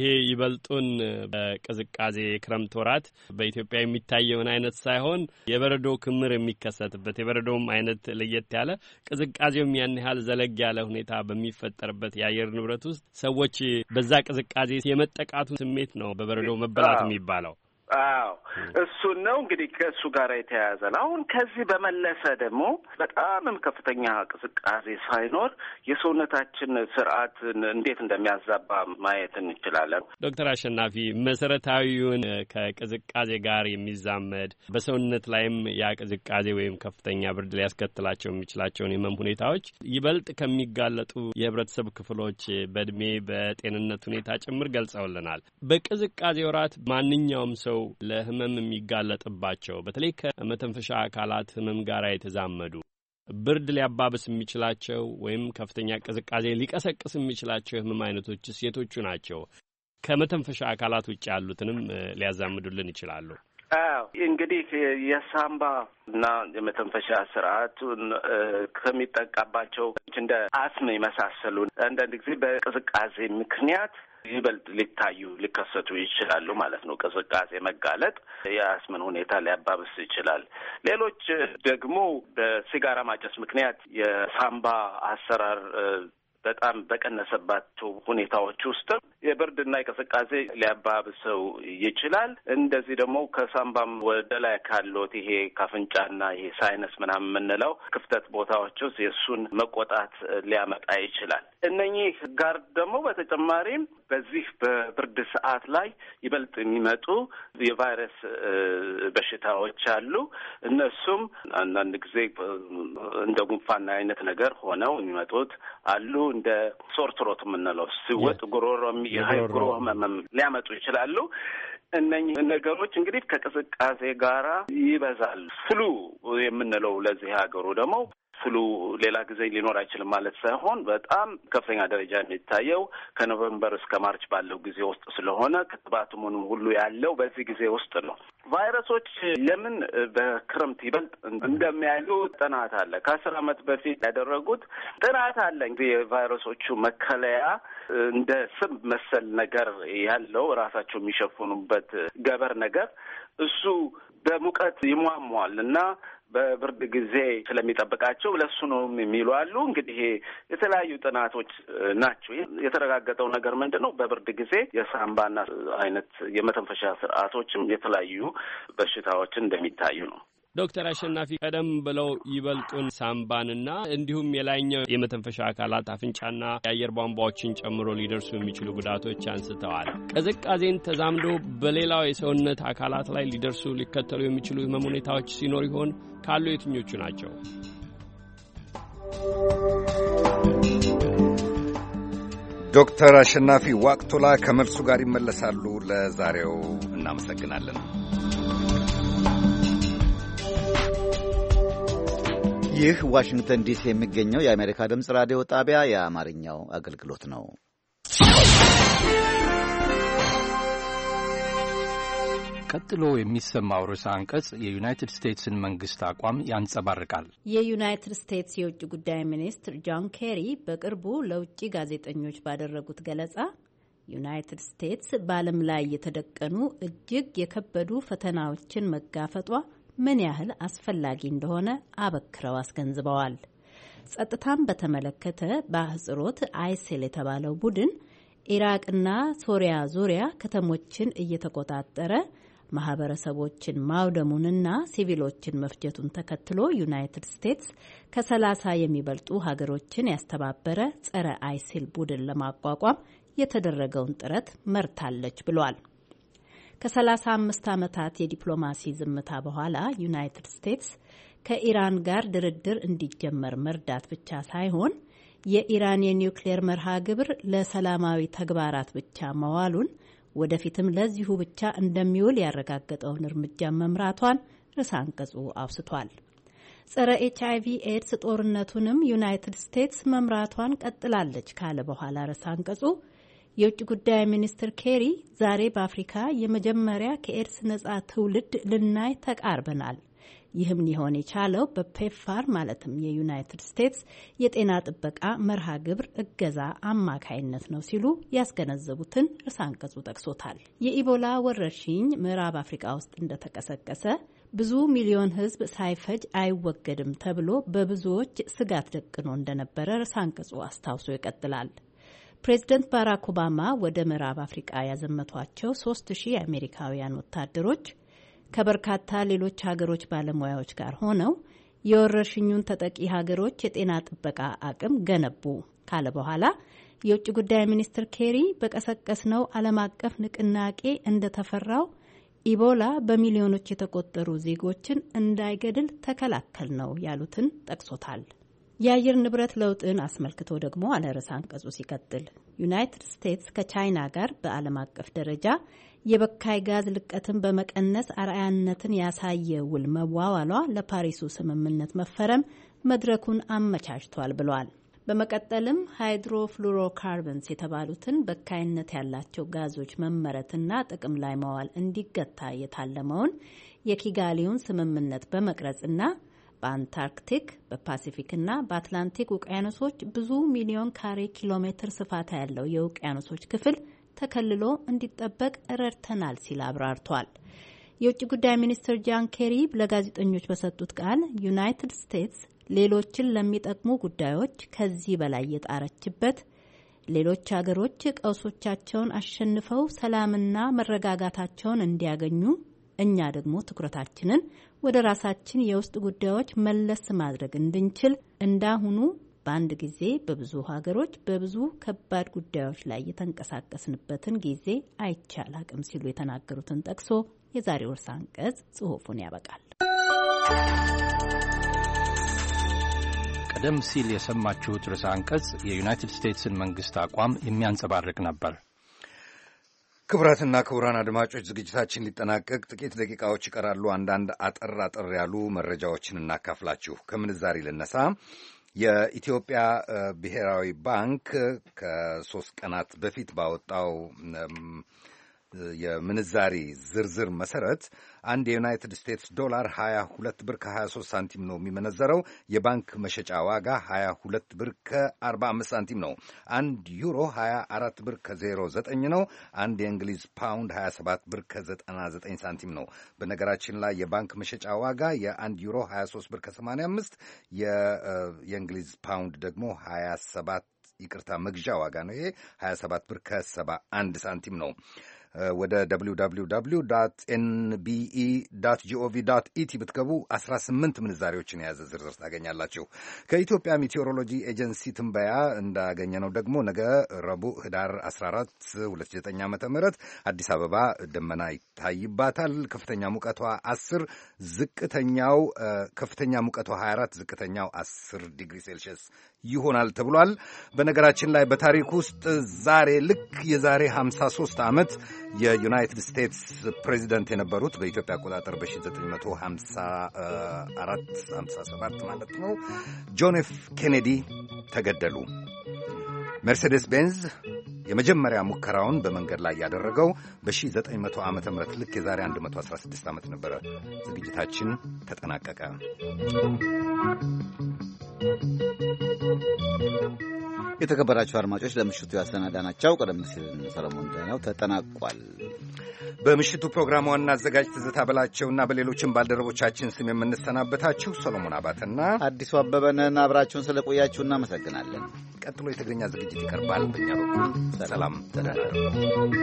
ይሄ ይበልጡን በቅዝቃዜ የክረምት ወራት በኢትዮጵያ የሚታየውን አይነት ሳይሆን የበረዶ ክምር የሚከሰትበት የበረዶም አይነት ለየት ያለ ቅዝቃዜውም ያን ያህል ዘለግ ያለ ሁኔታ በሚፈጠርበት የአየር ንብረት ውስጥ ሰዎች በዛ ቅዝቃዜ የመጠቃቱ ስሜት ነው በበረዶ መበላት የሚባለው። አዎ እሱን ነው እንግዲህ ከእሱ ጋር የተያያዘ ነው። አሁን ከዚህ በመለሰ ደግሞ በጣምም ከፍተኛ ቅዝቃዜ ሳይኖር የሰውነታችን ስርዓት እንዴት እንደሚያዛባ ማየት እንችላለን። ዶክተር አሸናፊ መሰረታዊውን ከቅዝቃዜ ጋር የሚዛመድ በሰውነት ላይም ያ ቅዝቃዜ ወይም ከፍተኛ ብርድ ሊያስከትላቸው የሚችላቸውን የህመም ሁኔታዎች ይበልጥ ከሚጋለጡ የህብረተሰብ ክፍሎች በእድሜ በጤንነት ሁኔታ ጭምር ገልጸውልናል። በቅዝቃዜ ወራት ማንኛውም ሰው ናቸው ለህመም የሚጋለጥባቸው በተለይ ከመተንፈሻ አካላት ህመም ጋር የተዛመዱ ብርድ ሊያባብስ የሚችላቸው ወይም ከፍተኛ ቅዝቃዜ ሊቀሰቅስ የሚችላቸው የህመም አይነቶች ሴቶቹ ናቸው። ከመተንፈሻ አካላት ውጭ ያሉትንም ሊያዛምዱልን ይችላሉ። አዎ እንግዲህ የሳምባ እና የመተንፈሻ ስርዓቱን ከሚጠቃባቸው እንደ አስም የመሳሰሉ አንዳንድ ጊዜ በቅዝቃዜ ምክንያት ይበልጥ ሊታዩ ሊከሰቱ ይችላሉ ማለት ነው። ቅስቃሴ መጋለጥ የአስምን ሁኔታ ሊያባብስ ይችላል። ሌሎች ደግሞ በሲጋራ ማጨስ ምክንያት የሳምባ አሰራር በጣም በቀነሰባቸው ሁኔታዎች ውስጥም የብርድና የቅስቃሴ ሊያባብሰው ይችላል። እንደዚህ ደግሞ ከሳምባም ወደ ላይ ካለት ይሄ ካፍንጫና ይሄ ሳይነስ ምናምን የምንለው ክፍተት ቦታዎች ውስጥ የእሱን መቆጣት ሊያመጣ ይችላል። እነኚህ ጋር ደግሞ በተጨማሪም በዚህ በብርድ ሰዓት ላይ ይበልጥ የሚመጡ የቫይረስ በሽታዎች አሉ። እነሱም አንዳንድ ጊዜ እንደ ጉንፋና አይነት ነገር ሆነው የሚመጡት አሉ። እንደ ሶርትሮት የምንለው ሲወጥ ጉሮሮ የሀይ ጉሮሮ ህመም ሊያመጡ ይችላሉ። እነኚህ ነገሮች እንግዲህ ከቅዝቃዜ ጋራ ይበዛል። ፍሉ የምንለው ለዚህ ሀገሩ ደግሞ ስሉ ሌላ ጊዜ ሊኖር አይችልም ማለት ሳይሆን በጣም ከፍተኛ ደረጃ የሚታየው ከኖቨምበር እስከ ማርች ባለው ጊዜ ውስጥ ስለሆነ ክትባቱም ሁሉ ያለው በዚህ ጊዜ ውስጥ ነው። ቫይረሶች ለምን በክረምት ይበልጥ እንደሚያሉ ጥናት አለ። ከአስር አመት በፊት ያደረጉት ጥናት አለ። እንግዲህ የቫይረሶቹ መከለያ እንደ ስብ መሰል ነገር ያለው ራሳቸው የሚሸፍኑበት ገበር ነገር እሱ በሙቀት ይሟሟል እና በብርድ ጊዜ ስለሚጠብቃቸው ለሱ ነው የሚሉ አሉ። እንግዲህ የተለያዩ ጥናቶች ናቸው። የተረጋገጠው ነገር ምንድን ነው? በብርድ ጊዜ የሳምባና አይነት የመተንፈሻ ስርዓቶችም የተለያዩ በሽታዎችን እንደሚታዩ ነው። ዶክተር አሸናፊ ቀደም ብለው ይበልጡን ሳምባንና እንዲሁም የላይኛው የመተንፈሻ አካላት አፍንጫና የአየር ቧንቧዎችን ጨምሮ ሊደርሱ የሚችሉ ጉዳቶች አንስተዋል። ቅዝቃዜን ተዛምዶ በሌላው የሰውነት አካላት ላይ ሊደርሱ ሊከተሉ የሚችሉ ህመም ሁኔታዎች ሲኖር ይሆን? ካሉ የትኞቹ ናቸው? ዶክተር አሸናፊ ዋቅቶላ ከመልሱ ጋር ይመለሳሉ። ለዛሬው እናመሰግናለን። ይህ ዋሽንግተን ዲሲ የሚገኘው የአሜሪካ ድምፅ ራዲዮ ጣቢያ የአማርኛው አገልግሎት ነው። ቀጥሎ የሚሰማው ርዕሰ አንቀጽ የዩናይትድ ስቴትስን መንግስት አቋም ያንጸባርቃል። የዩናይትድ ስቴትስ የውጭ ጉዳይ ሚኒስትር ጆን ኬሪ በቅርቡ ለውጭ ጋዜጠኞች ባደረጉት ገለጻ ዩናይትድ ስቴትስ በዓለም ላይ የተደቀኑ እጅግ የከበዱ ፈተናዎችን መጋፈጧ ምን ያህል አስፈላጊ እንደሆነ አበክረው አስገንዝበዋል። ጸጥታን በተመለከተ በአህጽሮት አይሴል የተባለው ቡድን ኢራቅና ሶሪያ ዙሪያ ከተሞችን እየተቆጣጠረ ማህበረሰቦችን ማውደሙንና ሲቪሎችን መፍጀቱን ተከትሎ ዩናይትድ ስቴትስ ከሰላሳ የሚበልጡ ሀገሮችን ያስተባበረ ጸረ አይሲል ቡድን ለማቋቋም የተደረገውን ጥረት መርታለች ብሏል። ከ35 ዓመታት የዲፕሎማሲ ዝምታ በኋላ ዩናይትድ ስቴትስ ከኢራን ጋር ድርድር እንዲጀመር መርዳት ብቻ ሳይሆን የኢራን የኒውክሌር መርሃ ግብር ለሰላማዊ ተግባራት ብቻ መዋሉን ወደፊትም ለዚሁ ብቻ እንደሚውል ያረጋገጠውን እርምጃ መምራቷን ርዕሰ አንቀጹ አውስቷል። ጸረ ኤች አይቪ ኤድስ ጦርነቱንም ዩናይትድ ስቴትስ መምራቷን ቀጥላለች ካለ በኋላ ርዕሰ አንቀጹ የውጭ ጉዳይ ሚኒስትር ኬሪ ዛሬ በአፍሪካ የመጀመሪያ ከኤድስ ነጻ ትውልድ ልናይ ተቃርበናል። ይህም ሊሆን የቻለው በፔፋር ማለትም የዩናይትድ ስቴትስ የጤና ጥበቃ መርሃ ግብር እገዛ አማካይነት ነው ሲሉ ያስገነዘቡትን እርስ አንቀጹ ጠቅሶታል። የኢቦላ ወረርሽኝ ምዕራብ አፍሪካ ውስጥ እንደተቀሰቀሰ ብዙ ሚሊዮን ሕዝብ ሳይፈጅ አይወገድም ተብሎ በብዙዎች ስጋት ደቅኖ እንደነበረ እርስ አንቀጹ አስታውሶ ይቀጥላል። ፕሬዝደንት ባራክ ኦባማ ወደ ምዕራብ አፍሪቃ ያዘመቷቸው ሶስት ሺህ የአሜሪካውያን ወታደሮች ከበርካታ ሌሎች ሀገሮች ባለሙያዎች ጋር ሆነው የወረርሽኙን ተጠቂ ሀገሮች የጤና ጥበቃ አቅም ገነቡ ካለ በኋላ የውጭ ጉዳይ ሚኒስትር ኬሪ በቀሰቀስነው ዓለም አቀፍ ንቅናቄ እንደተፈራው ኢቦላ በሚሊዮኖች የተቆጠሩ ዜጎችን እንዳይገድል ተከላከል ነው ያሉትን ጠቅሶታል። የአየር ንብረት ለውጥን አስመልክቶ ደግሞ አለ ርዕሰ አንቀጹ ሲቀጥል ዩናይትድ ስቴትስ ከቻይና ጋር በዓለም አቀፍ ደረጃ የበካይ ጋዝ ልቀትን በመቀነስ አርአያነትን ያሳየ ውል መዋዋሏ ለፓሪሱ ስምምነት መፈረም መድረኩን አመቻችቷል ብሏል። በመቀጠልም ሃይድሮፍሉሮካርበንስ የተባሉትን በካይነት ያላቸው ጋዞች መመረትና ጥቅም ላይ መዋል እንዲገታ የታለመውን የኪጋሊውን ስምምነት በመቅረጽና በአንታርክቲክ በፓሲፊክና በአትላንቲክ ውቅያኖሶች ብዙ ሚሊዮን ካሬ ኪሎ ሜትር ስፋት ያለው የውቅያኖሶች ክፍል ተከልሎ እንዲጠበቅ ረድተናል ሲል አብራርቷል። የውጭ ጉዳይ ሚኒስትር ጃን ኬሪ ለጋዜጠኞች በሰጡት ቃል ዩናይትድ ስቴትስ ሌሎችን ለሚጠቅሙ ጉዳዮች ከዚህ በላይ የጣረችበት ሌሎች ሀገሮች ቀውሶቻቸውን አሸንፈው ሰላምና መረጋጋታቸውን እንዲያገኙ እኛ ደግሞ ትኩረታችንን ወደ ራሳችን የውስጥ ጉዳዮች መለስ ማድረግ እንድንችል እንዳሁኑ በአንድ ጊዜ በብዙ ሀገሮች በብዙ ከባድ ጉዳዮች ላይ የተንቀሳቀስንበትን ጊዜ አይቻል አቅም ሲሉ የተናገሩትን ጠቅሶ የዛሬው ርዕሰ አንቀጽ ጽሑፉን ያበቃል። ቀደም ሲል የሰማችሁት ርዕሰ አንቀጽ የዩናይትድ ስቴትስን መንግስት አቋም የሚያንጸባርቅ ነበር። ክቡራትና ክቡራን አድማጮች ዝግጅታችን ሊጠናቀቅ ጥቂት ደቂቃዎች ይቀራሉ። አንዳንድ አጠር አጠር ያሉ መረጃዎችን እናካፍላችሁ። ከምንዛሪ ልነሳ። የኢትዮጵያ ብሔራዊ ባንክ ከሶስት ቀናት በፊት ባወጣው የምንዛሪ ዝርዝር መሰረት አንድ የዩናይትድ ስቴትስ ዶላር 22 ብር ከ23 ሳንቲም ነው የሚመነዘረው። የባንክ መሸጫ ዋጋ 22 ብር ከ45 ሳንቲም ነው። አንድ ዩሮ 24 ብር ከ09 ነው። አንድ የእንግሊዝ ፓውንድ 27 ብር ከ99 ሳንቲም ነው። በነገራችን ላይ የባንክ መሸጫ ዋጋ የአንድ ዩሮ 23 ብር ከ85 የእንግሊዝ ፓውንድ ደግሞ 27 ይቅርታ መግዣ ዋጋ ነው። ይሄ 27 ብር ከ71 ሳንቲም ነው። ወደ www ኤንቢኢ ጂኦቪ ኢቲ ብትገቡ 18 ምንዛሬዎችን የያዘ ዝርዝር ታገኛላችሁ። ከኢትዮጵያ ሜቴዎሮሎጂ ኤጀንሲ ትንበያ እንዳገኘነው ደግሞ ነገ ረቡዕ ህዳር 14 29 ዓ ም አዲስ አበባ ደመና ይታይባታል። ከፍተኛ ሙቀቷ 10 ዝቅተኛው ከፍተኛ ሙቀቷ 24 ዝቅተኛው 10 ዲግሪ ሴልሺየስ ይሆናል ተብሏል። በነገራችን ላይ በታሪክ ውስጥ ዛሬ ልክ የዛሬ 53 ዓመት የዩናይትድ ስቴትስ ፕሬዚደንት የነበሩት በኢትዮጵያ አቆጣጠር በ1954 57 ማለት ነው ጆን ኤፍ ኬኔዲ ተገደሉ። ሜርሴዴስ ቤንዝ የመጀመሪያ ሙከራውን በመንገድ ላይ ያደረገው በ1900 ዓ ም ልክ የዛሬ 116 ዓመት ነበረ። ዝግጅታችን ተጠናቀቀ። የተከበራቸው አድማጮች ለምሽቱ ያሰናዳናቸው ቀደም ሲል ሰለሞን ዳኛው ተጠናቋል። በምሽቱ ፕሮግራም ዋና አዘጋጅ ትዝታ በላቸውና በሌሎችም ባልደረቦቻችን ስም የምንሰናበታችሁ ሰሎሞን አባትና አዲሱ አበበንን አብራችሁን ስለቆያችሁ እናመሰግናለን። ቀጥሎ የትግርኛ ዝግጅት ይቀርባል። በእኛ በኩል ሰላም ተደናደሩ።